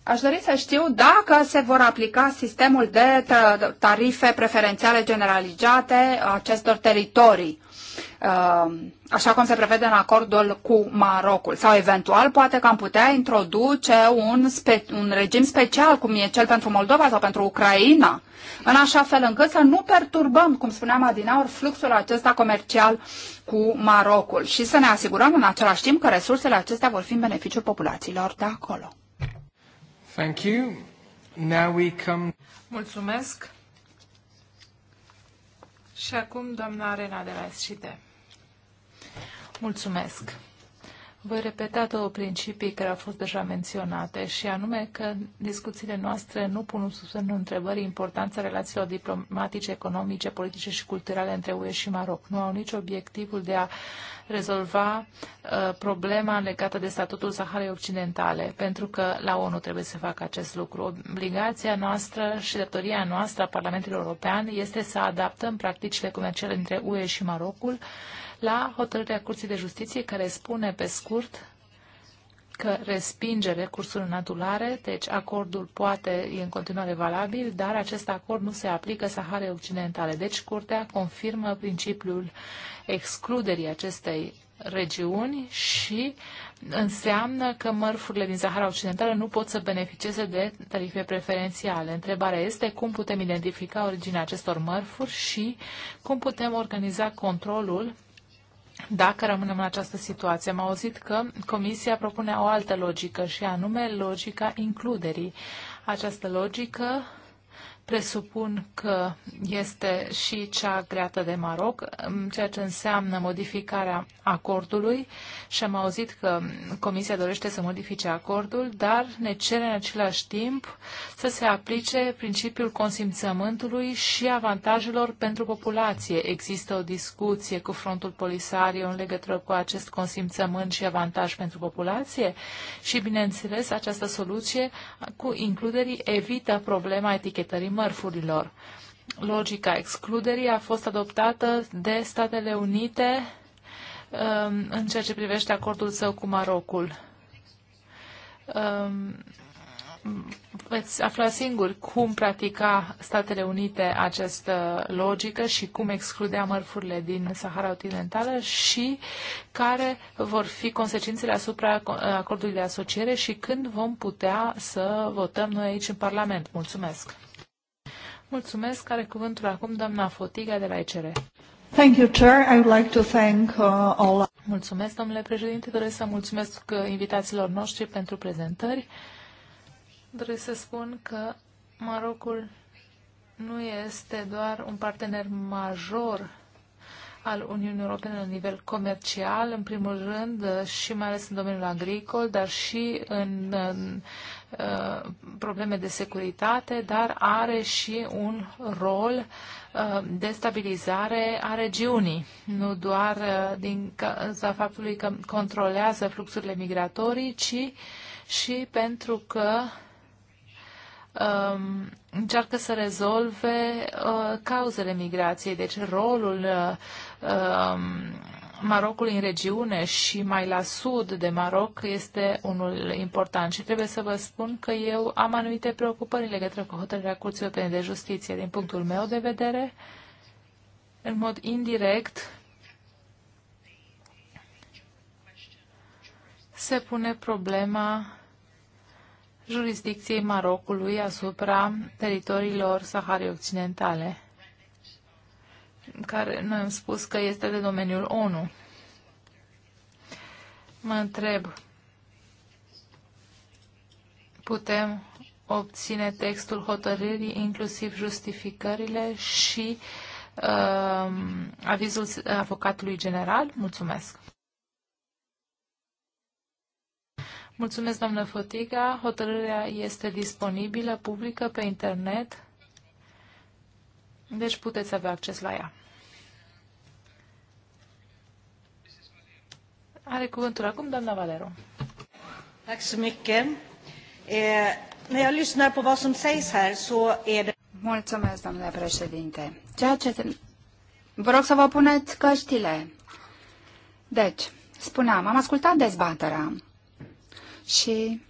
Aș dori să știu dacă se vor aplica sistemul de tarife preferențiale generalizate acestor teritorii Um, așa cum se prevede în acordul cu Marocul. Sau eventual poate că am putea introduce un, spe, un regim special, cum e cel pentru Moldova sau pentru Ucraina, în așa fel încât să nu perturbăm, cum spuneam adinaur, fluxul acesta comercial cu Marocul și să ne asigurăm în același timp că resursele acestea vor fi în beneficiul populațiilor de acolo. Thank you. Now we come... Mulțumesc. Și acum doamna Arena de la SCD. Mulțumesc! Voi repeta două principii care au fost deja menționate și anume că discuțiile noastre nu pun sub semnul întrebării importanța relațiilor diplomatice, economice, politice și culturale între UE și Maroc. Nu au nici obiectivul de a rezolva uh, problema legată de statutul Saharei Occidentale, pentru că la ONU trebuie să facă acest lucru. Obligația noastră și datoria noastră a Parlamentului European este să adaptăm practicile comerciale între UE și Marocul la hotărârea Curții de Justiție care spune pe scurt că respinge recursul în adulare, deci acordul poate e în continuare valabil, dar acest acord nu se aplică Saharei Occidentale. Deci Curtea confirmă principiul excluderii acestei regiuni și înseamnă că mărfurile din Sahara Occidentală nu pot să beneficieze de tarife preferențiale. Întrebarea este cum putem identifica originea acestor mărfuri și cum putem organiza controlul dacă rămânem în această situație. Am auzit că Comisia propune o altă logică și anume logica includerii. Această logică presupun că este și cea creată de Maroc, mm, ceea ce înseamnă modificarea acordului și am auzit că Comisia dorește să modifice acordul, dar ne cere în același timp să se aplice principiul consimțământului și avantajelor pentru populație. Există o discuție cu frontul Polisario în legătură cu acest consimțământ și avantaj pentru populație și, bineînțeles, această soluție cu includerii evită problema etichetării mărfurilor. Logica excluderii a fost adoptată de Statele Unite um, în ceea ce privește acordul său cu Marocul. Um, veți afla singuri cum practica Statele Unite această logică și cum excludea mărfurile din Sahara Occidentală și care vor fi consecințele asupra acordului de asociere și când vom putea să votăm noi aici în Parlament. Mulțumesc! Mulțumesc. care cuvântul acum doamna Fotiga de la ICR? Thank you, Chair. I would like to thank uh, all... Mulțumesc, domnule președinte. Doresc să mulțumesc uh, invitațiilor noștri pentru prezentări. Doresc să spun că Marocul nu este doar un partener major al Uniunii Europene la nivel comercial, în primul rând uh, și mai ales în domeniul agricol, dar și în, în Uh, probleme de securitate, dar are și un rol uh, de stabilizare a regiunii, nu doar uh, din cauza faptului că controlează fluxurile migratorii, ci și pentru că um, încearcă să rezolve uh, cauzele migrației. Deci rolul uh, um, Marocului în regiune și mai la sud de Maroc este unul important și trebuie să vă spun că eu am anumite preocupări în legătură cu hotărârea Curții Europene de Justiție. Din punctul meu de vedere, în mod indirect, se pune problema jurisdicției Marocului asupra teritoriilor Saharii Occidentale care noi am spus că este de domeniul ONU. Mă întreb, putem obține textul hotărârii, inclusiv justificările și uh, avizul avocatului general? Mulțumesc! Mulțumesc, doamnă Fotiga. Hotărârea este disponibilă publică pe internet deci puteți avea acces la ea. Are cuvântul acum doamna Valero. Eh, Mulțumesc, domnule președinte. Ceea ce... Vă rog să vă puneți căștile. Deci, spuneam, am ascultat dezbaterea și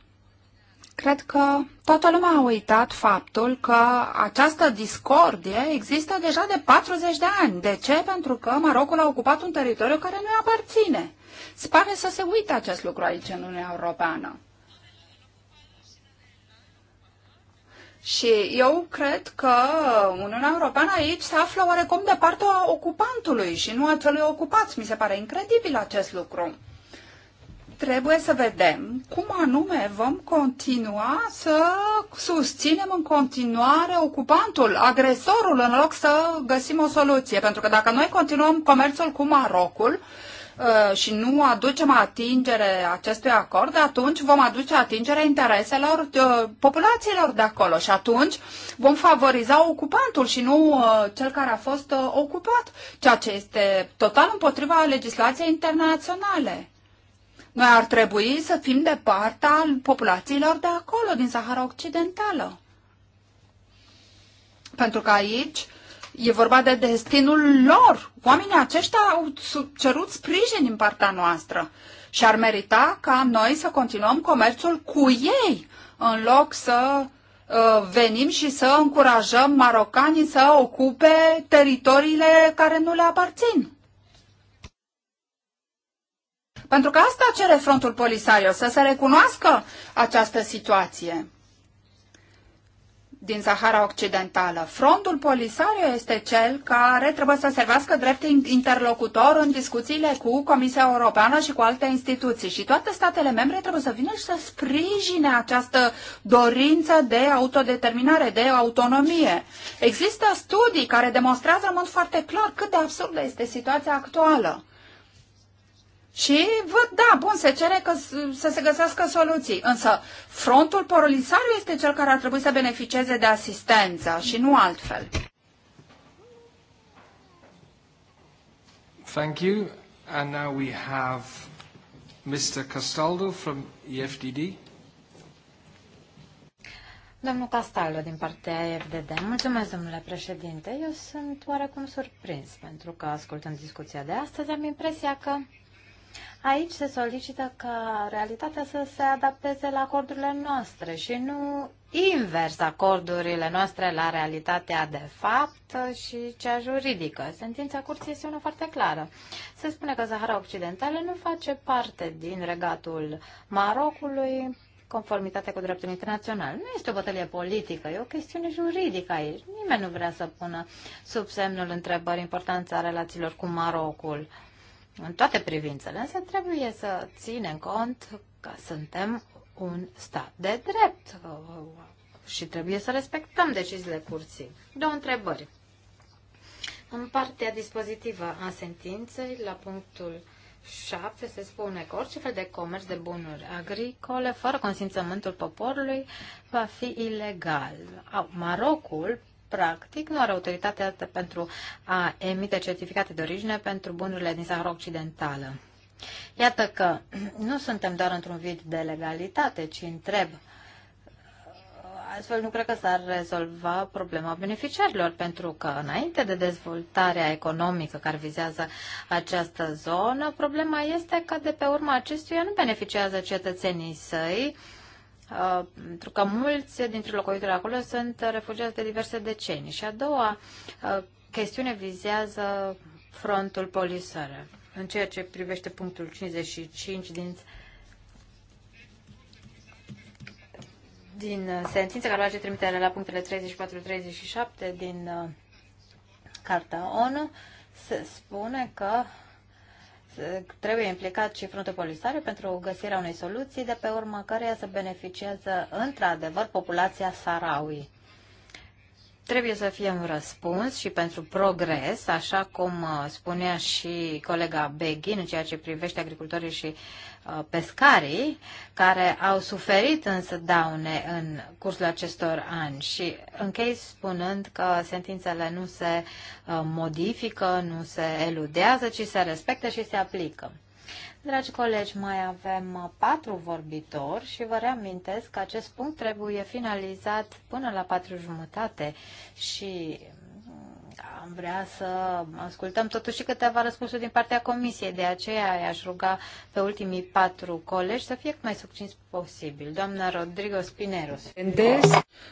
Cred că toată lumea a uitat faptul că această discordie există deja de 40 de ani. De ce? Pentru că Marocul a ocupat un teritoriu care nu aparține. Se pare să se uite acest lucru aici în Uniunea Europeană. Și eu cred că Uniunea Europeană aici se află oarecum de partea ocupantului și nu a celui ocupat. Mi se pare incredibil acest lucru trebuie să vedem cum anume vom continua să susținem în continuare ocupantul, agresorul, în loc să găsim o soluție. Pentru că dacă noi continuăm comerțul cu Marocul, uh, și nu aducem atingere acestui acord, atunci vom aduce atingere intereselor uh, populațiilor de acolo și atunci vom favoriza ocupantul și nu uh, cel care a fost ocupat, ceea ce este total împotriva legislației internaționale. Noi ar trebui să fim de partea populațiilor de acolo, din Sahara Occidentală. Pentru că aici e vorba de destinul lor. Oamenii aceștia au cerut sprijin din partea noastră și ar merita ca noi să continuăm comerțul cu ei, în loc să uh, venim și să încurajăm marocanii să ocupe teritoriile care nu le aparțin. Pentru că asta cere frontul Polisario, să se recunoască această situație din Sahara Occidentală. Frontul Polisario este cel care trebuie să servească drept interlocutor în discuțiile cu Comisia Europeană și cu alte instituții. Și toate statele membre trebuie să vină și să sprijine această dorință de autodeterminare, de autonomie. Există studii care demonstrează în mod foarte clar cât de absurdă este situația actuală. Și văd, da, bun, se cere că, să se găsească soluții, însă frontul porolisariu este cel care ar trebui să beneficieze de asistență și nu altfel. Thank you. And now we have Mr. Castaldo from EFDD. Domnul Castaldo, din partea EFDD. Mulțumesc, domnule președinte. Eu sunt oarecum surprins, pentru că, ascultând discuția de astăzi, am impresia că Aici se solicită ca realitatea să se adapteze la acordurile noastre și nu invers acordurile noastre la realitatea de fapt și cea juridică. Sentința curții este una foarte clară. Se spune că Zahara Occidentală nu face parte din regatul Marocului, conformitate cu dreptul internațional. Nu este o bătălie politică, e o chestiune juridică aici. Nimeni nu vrea să pună sub semnul întrebării importanța relațiilor cu Marocul în toate privințele, însă trebuie să ținem cont că suntem un stat de drept uh, și trebuie să respectăm deciziile curții. Două întrebări. În partea dispozitivă a sentinței, la punctul 7, se spune că orice fel de comerț de bunuri agricole, fără consimțământul poporului, va fi ilegal. Marocul practic, nu are autoritatea pentru a emite certificate de origine pentru bunurile din Sahara Occidentală. Iată că [CLEARS THROAT] nu suntem doar într-un vid de legalitate, ci întreb Astfel nu cred că s-ar rezolva problema beneficiarilor, pentru că înainte de dezvoltarea economică care vizează această zonă, problema este că de pe urma acestuia nu beneficiază cetățenii săi, uh, Uh, pentru că mulți dintre locuitorii acolo sunt refugiați de diverse decenii. Și a doua uh, chestiune vizează frontul polisară. În ceea ce privește punctul 55 din din uh, sentința care face trimitere la punctele 34-37 din Carta ONU, se spune că trebuie implicat și frontul polisariu pentru găsirea unei soluții, de pe urma căreia să beneficieze într-adevăr populația Sarawi. Trebuie să fie un răspuns și pentru progres, așa cum uh, spunea și colega Beghin în ceea ce privește agricultorii și Uh, pescarii, care au suferit însă daune în cursul acestor ani și închei spunând că sentințele nu se uh, modifică, nu se eludează, ci se respectă și se aplică. Dragi colegi, mai avem uh, patru vorbitori și vă reamintesc că acest punct trebuie finalizat până la patru jumătate și am vrea să ascultăm totuși câteva răspunsuri din partea comisiei. De aceea i-aș ruga pe ultimii patru colegi să fie cât mai succinți posibil. Doamna Rodrigo Spineros.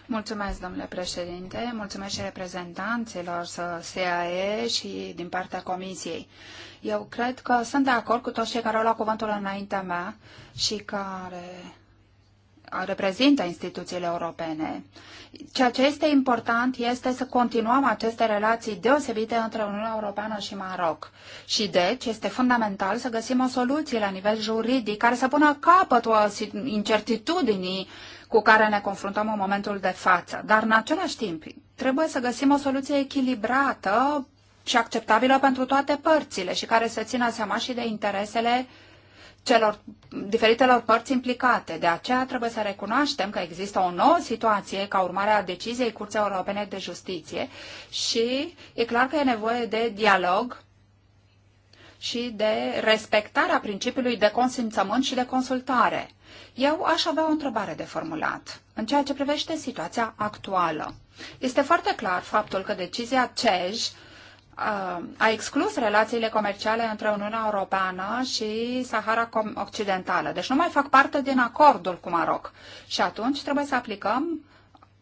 Mulțumesc, domnule președinte. Mulțumesc și reprezentanților SAE și din partea comisiei. Eu cred că sunt de acord cu toți cei care au luat cuvântul înaintea mea și care reprezintă instituțiile europene. Ceea ce este important este să continuăm aceste relații deosebite între Uniunea Europeană și Maroc. Și deci este fundamental să găsim o soluție la nivel juridic care să pună capăt o incertitudinii cu care ne confruntăm în momentul de față. Dar în același timp trebuie să găsim o soluție echilibrată și acceptabilă pentru toate părțile și care să țină seama și de interesele uh, celor diferitelor părți implicate. De aceea trebuie să recunoaștem că există o nouă situație ca urmare a deciziei Curții Europene de Justiție și e clar că e nevoie de dialog și de respectarea principiului de consimțământ și de consultare. Eu aș avea o întrebare de formulat în ceea ce privește situația actuală. Este foarte clar faptul că decizia CEJ Uh, a exclus relațiile comerciale între Uniunea Europeană și Sahara Occidentală. Deci nu mai fac parte din acordul cu Maroc. Și atunci trebuie să aplicăm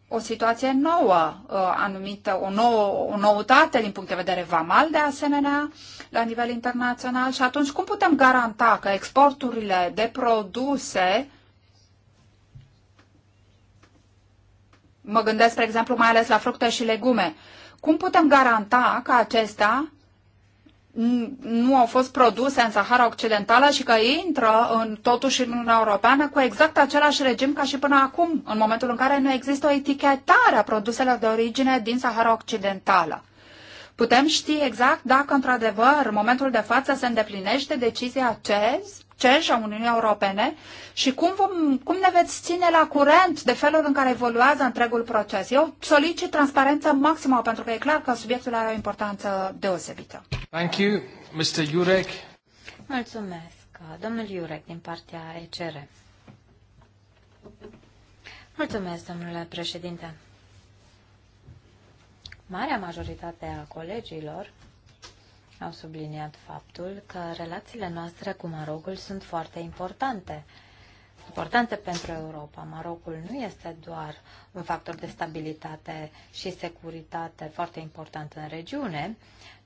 o situație nouă, uh, anumită, o, nouă, o noutate din punct de vedere vamal, de asemenea, la nivel internațional. Și atunci cum putem garanta că exporturile de produse mă gândesc, spre exemplu, mai ales la fructe și legume, uh, cum putem garanta că acestea nu au fost produse în Sahara Occidentală și că intră în, totuși în Uniunea Europeană cu exact același regim ca și până acum, în momentul în care nu există o etichetare a produselor de origine din Sahara Occidentală. Putem ști exact dacă, într-adevăr, în momentul de față se îndeplinește decizia CEZ excelși a Uniunii Europene și cum, vom, cum ne veți ține la curent de felul în care evoluează întregul proces. Eu solicit transparență maximă pentru că e clar că subiectul are o importanță deosebită. Thank you, Mr. Jurek. Mulțumesc. Domnul Jurek, din partea ECR. Mulțumesc, domnule președinte. Marea majoritate a colegilor am subliniat faptul că relațiile noastre cu Marocul sunt foarte importante. Importante pentru Europa. Marocul nu este doar un factor de stabilitate și securitate foarte important în regiune,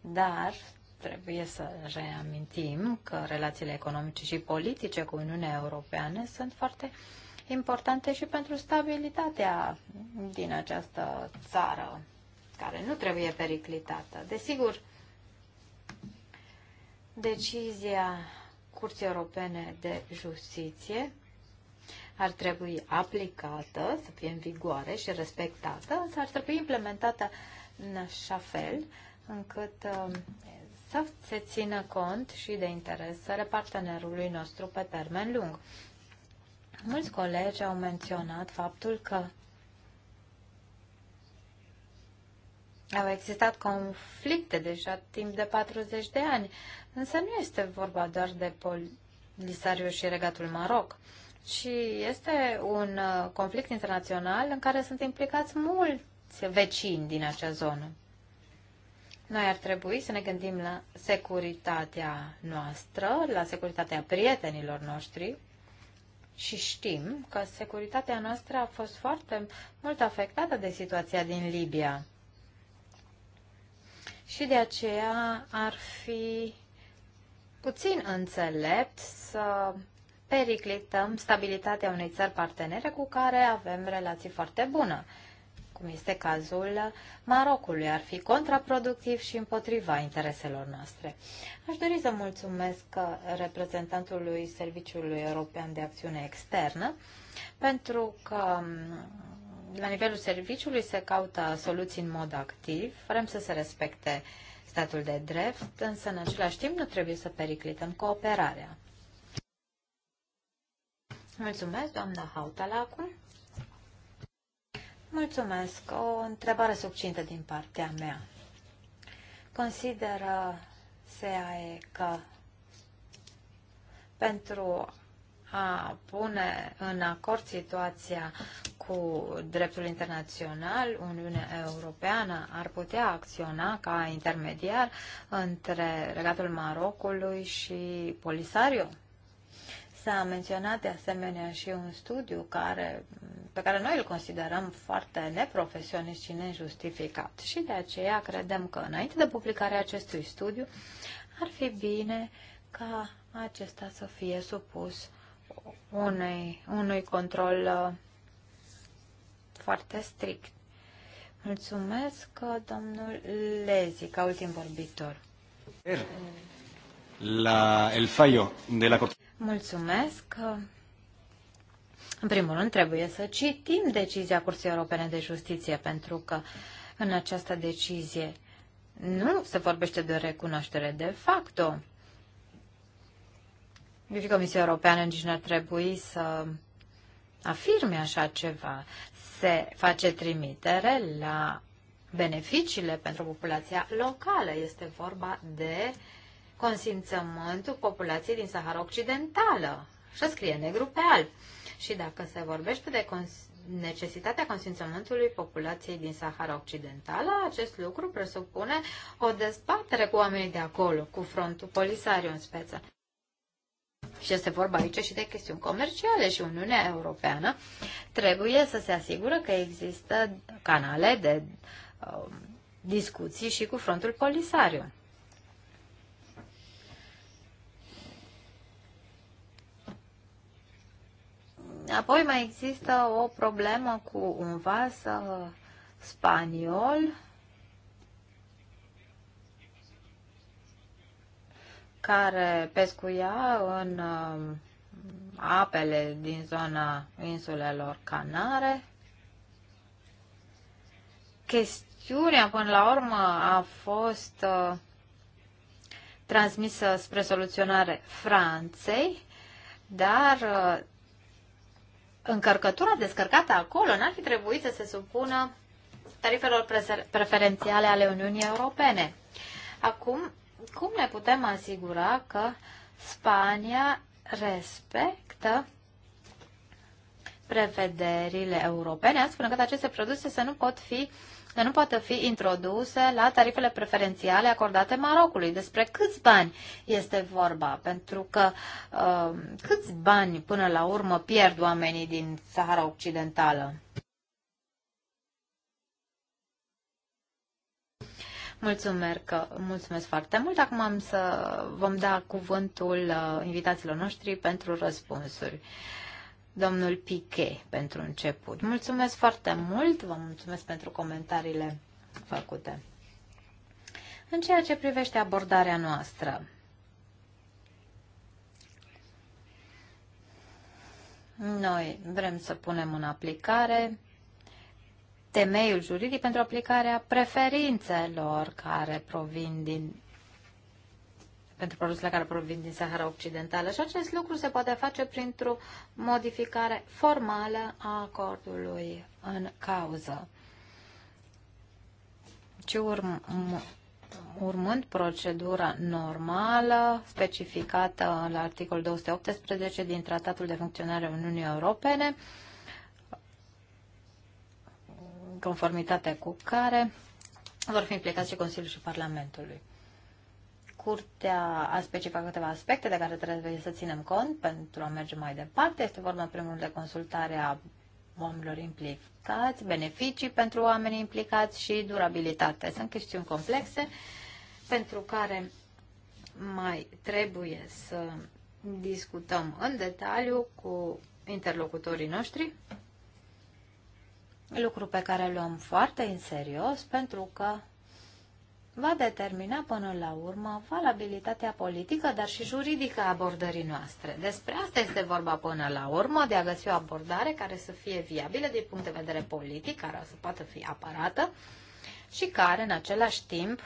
dar trebuie să reamintim că relațiile economice și politice cu Uniunea Europeană sunt foarte importante și pentru stabilitatea din această țară, care nu trebuie periclitată. Desigur, Decizia Curții Europene de Justiție ar trebui aplicată, să fie în vigoare și respectată, însă ar trebui implementată în așa fel încât um, să se țină cont și de interesele partenerului nostru pe termen lung. Mulți colegi au menționat faptul că Au existat conflicte deja timp de 40 de ani, însă nu este vorba doar de Polisario și regatul Maroc, ci este un uh, conflict internațional în care sunt implicați mulți vecini din acea zonă. Noi ar trebui să ne gândim la securitatea noastră, la securitatea prietenilor noștri și știm că securitatea noastră a fost foarte mult afectată de situația din Libia și de aceea ar fi puțin înțelept să periclităm stabilitatea unei țări partenere cu care avem relații foarte bune, cum este cazul Marocului. Ar fi contraproductiv și împotriva intereselor noastre. Aș dori să mulțumesc reprezentantului Serviciului European de Acțiune Externă pentru că la nivelul serviciului se caută soluții în mod activ, vrem să se respecte statul de drept, însă în același timp nu trebuie să periclităm cooperarea. Mulțumesc, doamna Hautala, acum. Mulțumesc. O întrebare succintă din partea mea. Consideră SEAE că pentru a pune în acord situația cu dreptul internațional, Uniunea Europeană ar putea acționa ca intermediar între regatul Marocului și Polisario. S-a menționat de asemenea și un studiu care, pe care noi îl considerăm foarte neprofesionist și nejustificat și de aceea credem că înainte de publicarea acestui studiu ar fi bine ca acesta să fie supus unei, unui control uh, foarte strict. Mulțumesc, uh, domnul Lezi, ca ultim vorbitor. La el faio de la Mulțumesc. În primul rând, trebuie să citim decizia Curții Europene de Justiție, pentru că în această decizie nu se vorbește de recunoaștere de facto că Comisia Europeană nici nu ar trebui să afirme așa ceva. Se face trimitere la beneficiile pentru populația locală. Este vorba de consimțământul populației din Sahara Occidentală. Și scrie negru pe alb. Și dacă se vorbește de cons- necesitatea consimțământului populației din Sahara Occidentală, acest lucru presupune o dezbatere cu oamenii de acolo, cu frontul Polisario în speță. Și este vorba aici și de chestiuni comerciale și Uniunea Europeană trebuie să se asigură că există canale de uh, discuții și cu frontul polisariu. Apoi mai există o problemă cu un vas uh, spaniol care pescuia în um, apele din zona insulelor Canare. Chestiunea, până la urmă, a fost uh, transmisă spre soluționare Franței, dar uh, încărcătura descărcată acolo n-ar fi trebuit să se supună tarifelor preferențiale ale Uniunii Europene. Acum, cum ne putem asigura că Spania respectă prevederile europene, astfel încât aceste produse să nu pot fi să nu poată fi introduse la tarifele preferențiale acordate Marocului. Despre câți bani este vorba? Pentru că uh, câți bani până la urmă pierd oamenii din Sahara Occidentală? Mulțumesc, mulțumesc foarte mult. Acum am să vom da cuvântul uh, invitațiilor noștri pentru răspunsuri. Domnul Piche, pentru început. Mulțumesc foarte mult, vă mulțumesc pentru comentariile făcute. În ceea ce privește abordarea noastră, noi vrem să punem în aplicare temeiul juridic pentru aplicarea preferințelor care provin din pentru produsele care provin din Sahara Occidentală. Și acest lucru se poate face printr-o modificare formală a acordului în cauză. Ci urm urmând procedura normală specificată la articolul 218 din Tratatul de Funcționare a Uniunii Europene, în conformitate cu care vor fi implicați și Consiliul și Parlamentului. Curtea a specificat câteva aspecte de care trebuie să ținem cont pentru a merge mai departe. Este vorba, primul rând, de consultarea oamenilor implicați, beneficii pentru oamenii implicați și durabilitate. Sunt chestiuni complexe pentru care mai trebuie să discutăm în detaliu cu interlocutorii noștri lucru pe care îl luăm foarte în serios pentru că va determina până la urmă valabilitatea politică, dar și juridică a abordării noastre. Despre asta este vorba până la urmă, de a găsi o abordare care să fie viabilă din punct de vedere politic, care să poată fi apărată și care, în același timp,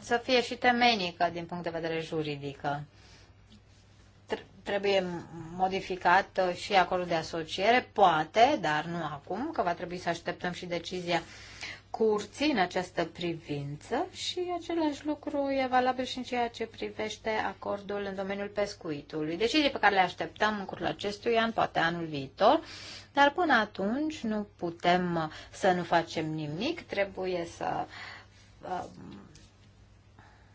să fie și temenică din punct de vedere juridică trebuie modificat uh, și acordul de asociere, poate, dar nu acum, că va trebui să așteptăm și decizia curții în această privință și același lucru e valabil și în ceea ce privește acordul în domeniul pescuitului. Decizii pe care le așteptăm în cursul acestui an, poate anul viitor, dar până atunci nu putem să nu facem nimic, trebuie să uh,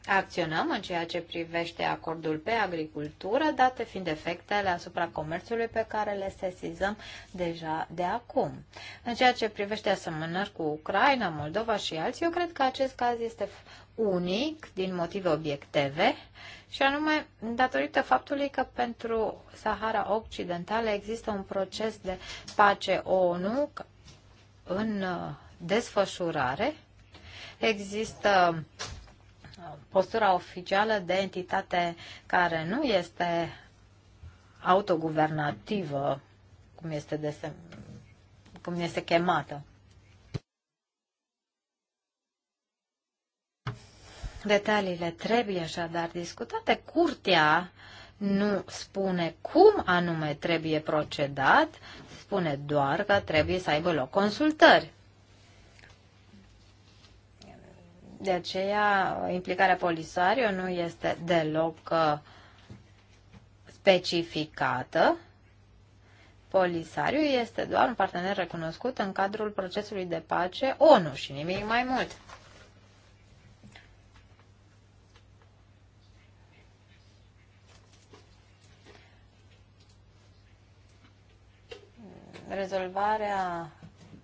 acționăm în ceea ce privește acordul pe agricultură, date fiind efectele asupra comerțului pe care le sesizăm deja de acum. În ceea ce privește asemănări cu Ucraina, Moldova și alții, eu cred că acest caz este unic din motive obiective și anume datorită faptului că pentru Sahara Occidentală există un proces de pace ONU în uh, desfășurare. Există postura oficială de entitate care nu este autoguvernativă, cum este, desem, cum este chemată. Detaliile trebuie așadar discutate. Curtea nu spune cum anume trebuie procedat, spune doar că trebuie să aibă loc consultări. De aceea, implicarea polisario nu este deloc uh, specificată. Polisario este doar un partener recunoscut în cadrul procesului de pace ONU și nimic mai mult. Rezolvarea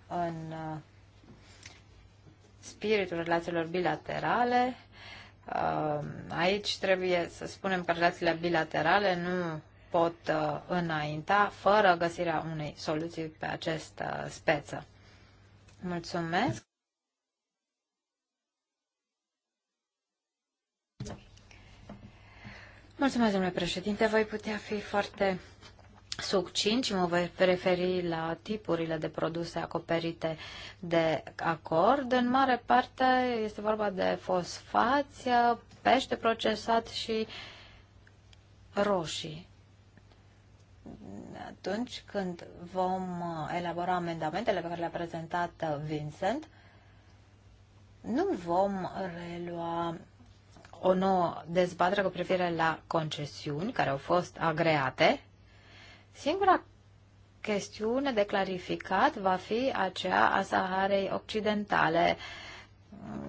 în uh, spiritul relațiilor bilaterale. Uh, aici trebuie să spunem că relațiile bilaterale nu pot uh, înainta fără găsirea unei soluții pe această uh, speță. Mulțumesc! Mulțumesc, domnule președinte. Voi putea fi foarte suc 5, mă voi referi la tipurile de produse acoperite de acord. În mare parte este vorba de fosfați, pește procesat și roșii. Atunci când vom uh, elabora amendamentele pe care le-a prezentat uh, Vincent, nu vom relua o nouă dezbatere cu privire la concesiuni care au fost agreate Singura chestiune de clarificat va fi aceea a Saharei Occidentale.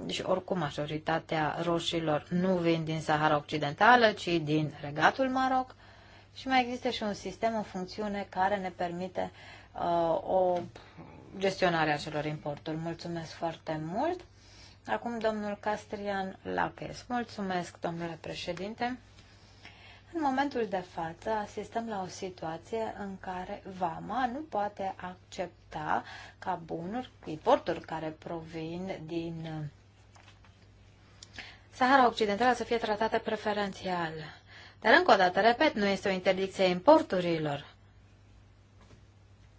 Și oricum majoritatea roșilor nu vin din Sahara Occidentală, ci din regatul Maroc. Și mai există și un sistem o funcțiune care ne permite uh, o gestionare a celor importuri. Mulțumesc foarte mult! Acum domnul Castrian Laches. Mulțumesc, domnule președinte! În momentul de față asistăm la o situație în care VAMA nu poate accepta ca bunuri importuri care provin din uh, Sahara Occidentală să fie tratate preferențial. Dar încă o dată, repet, nu este o interdicție a importurilor.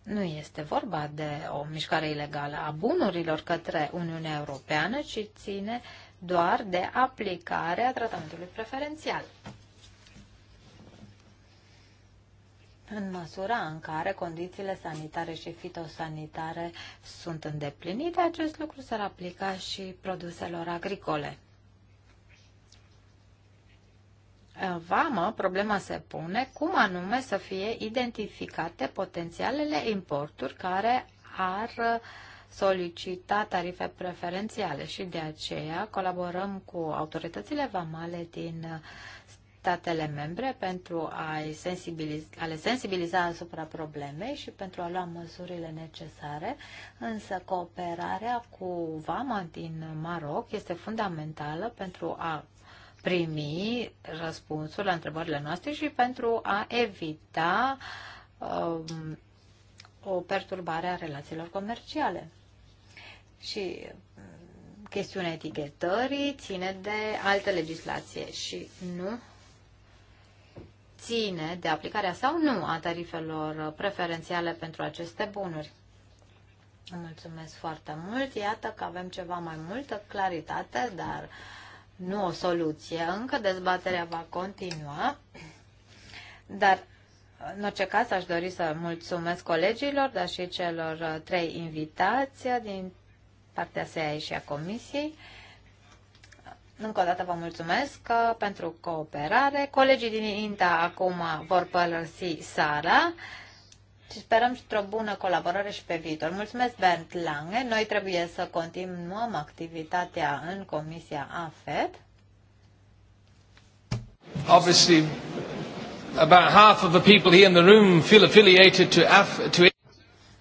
Nu este vorba de o mișcare ilegală a bunurilor către Uniunea Europeană, ci ține doar de aplicarea tratamentului preferențial. în măsura în care condițiile sanitare și fitosanitare sunt îndeplinite, acest lucru s-ar aplica și produselor agricole. În vamă, problema se pune cum anume să fie identificate potențialele importuri care ar solicita tarife preferențiale și de aceea colaborăm cu autoritățile vamale din statele membre pentru a, sensibiliza, a le sensibiliza asupra problemei și pentru a lua măsurile necesare, însă cooperarea cu Vama din Maroc este fundamentală pentru a primi răspunsul la întrebările noastre și pentru a evita um, o perturbare a relațiilor comerciale. Și um, chestiunea etichetării ține de altă legislație și nu ține de aplicarea sau nu a tarifelor preferențiale pentru aceste bunuri. Mulțumesc foarte mult. Iată că avem ceva mai multă claritate, dar nu o soluție. Încă dezbaterea va continua, dar în orice caz aș dori să mulțumesc colegilor, dar și celor trei invitați din partea SEAI și a Comisiei. Încă o dată vă mulțumesc uh, pentru cooperare. Colegii din INTA acum vor părăsi sala și sperăm și o bună colaborare și pe viitor. Mulțumesc, Bernd Lange. Noi trebuie să continuăm activitatea în Comisia AFED. Obviously, about half of the people here in the room feel affiliated to AFED.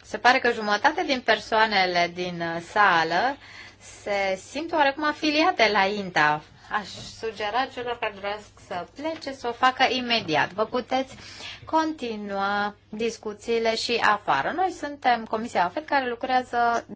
Se pare că jumătate din persoanele din uh, sală se simt oarecum afiliate la INTA. Aș sugera celor care doresc să plece să o facă imediat. Vă puteți continua discuțiile și afară. Noi suntem Comisia AFET care lucrează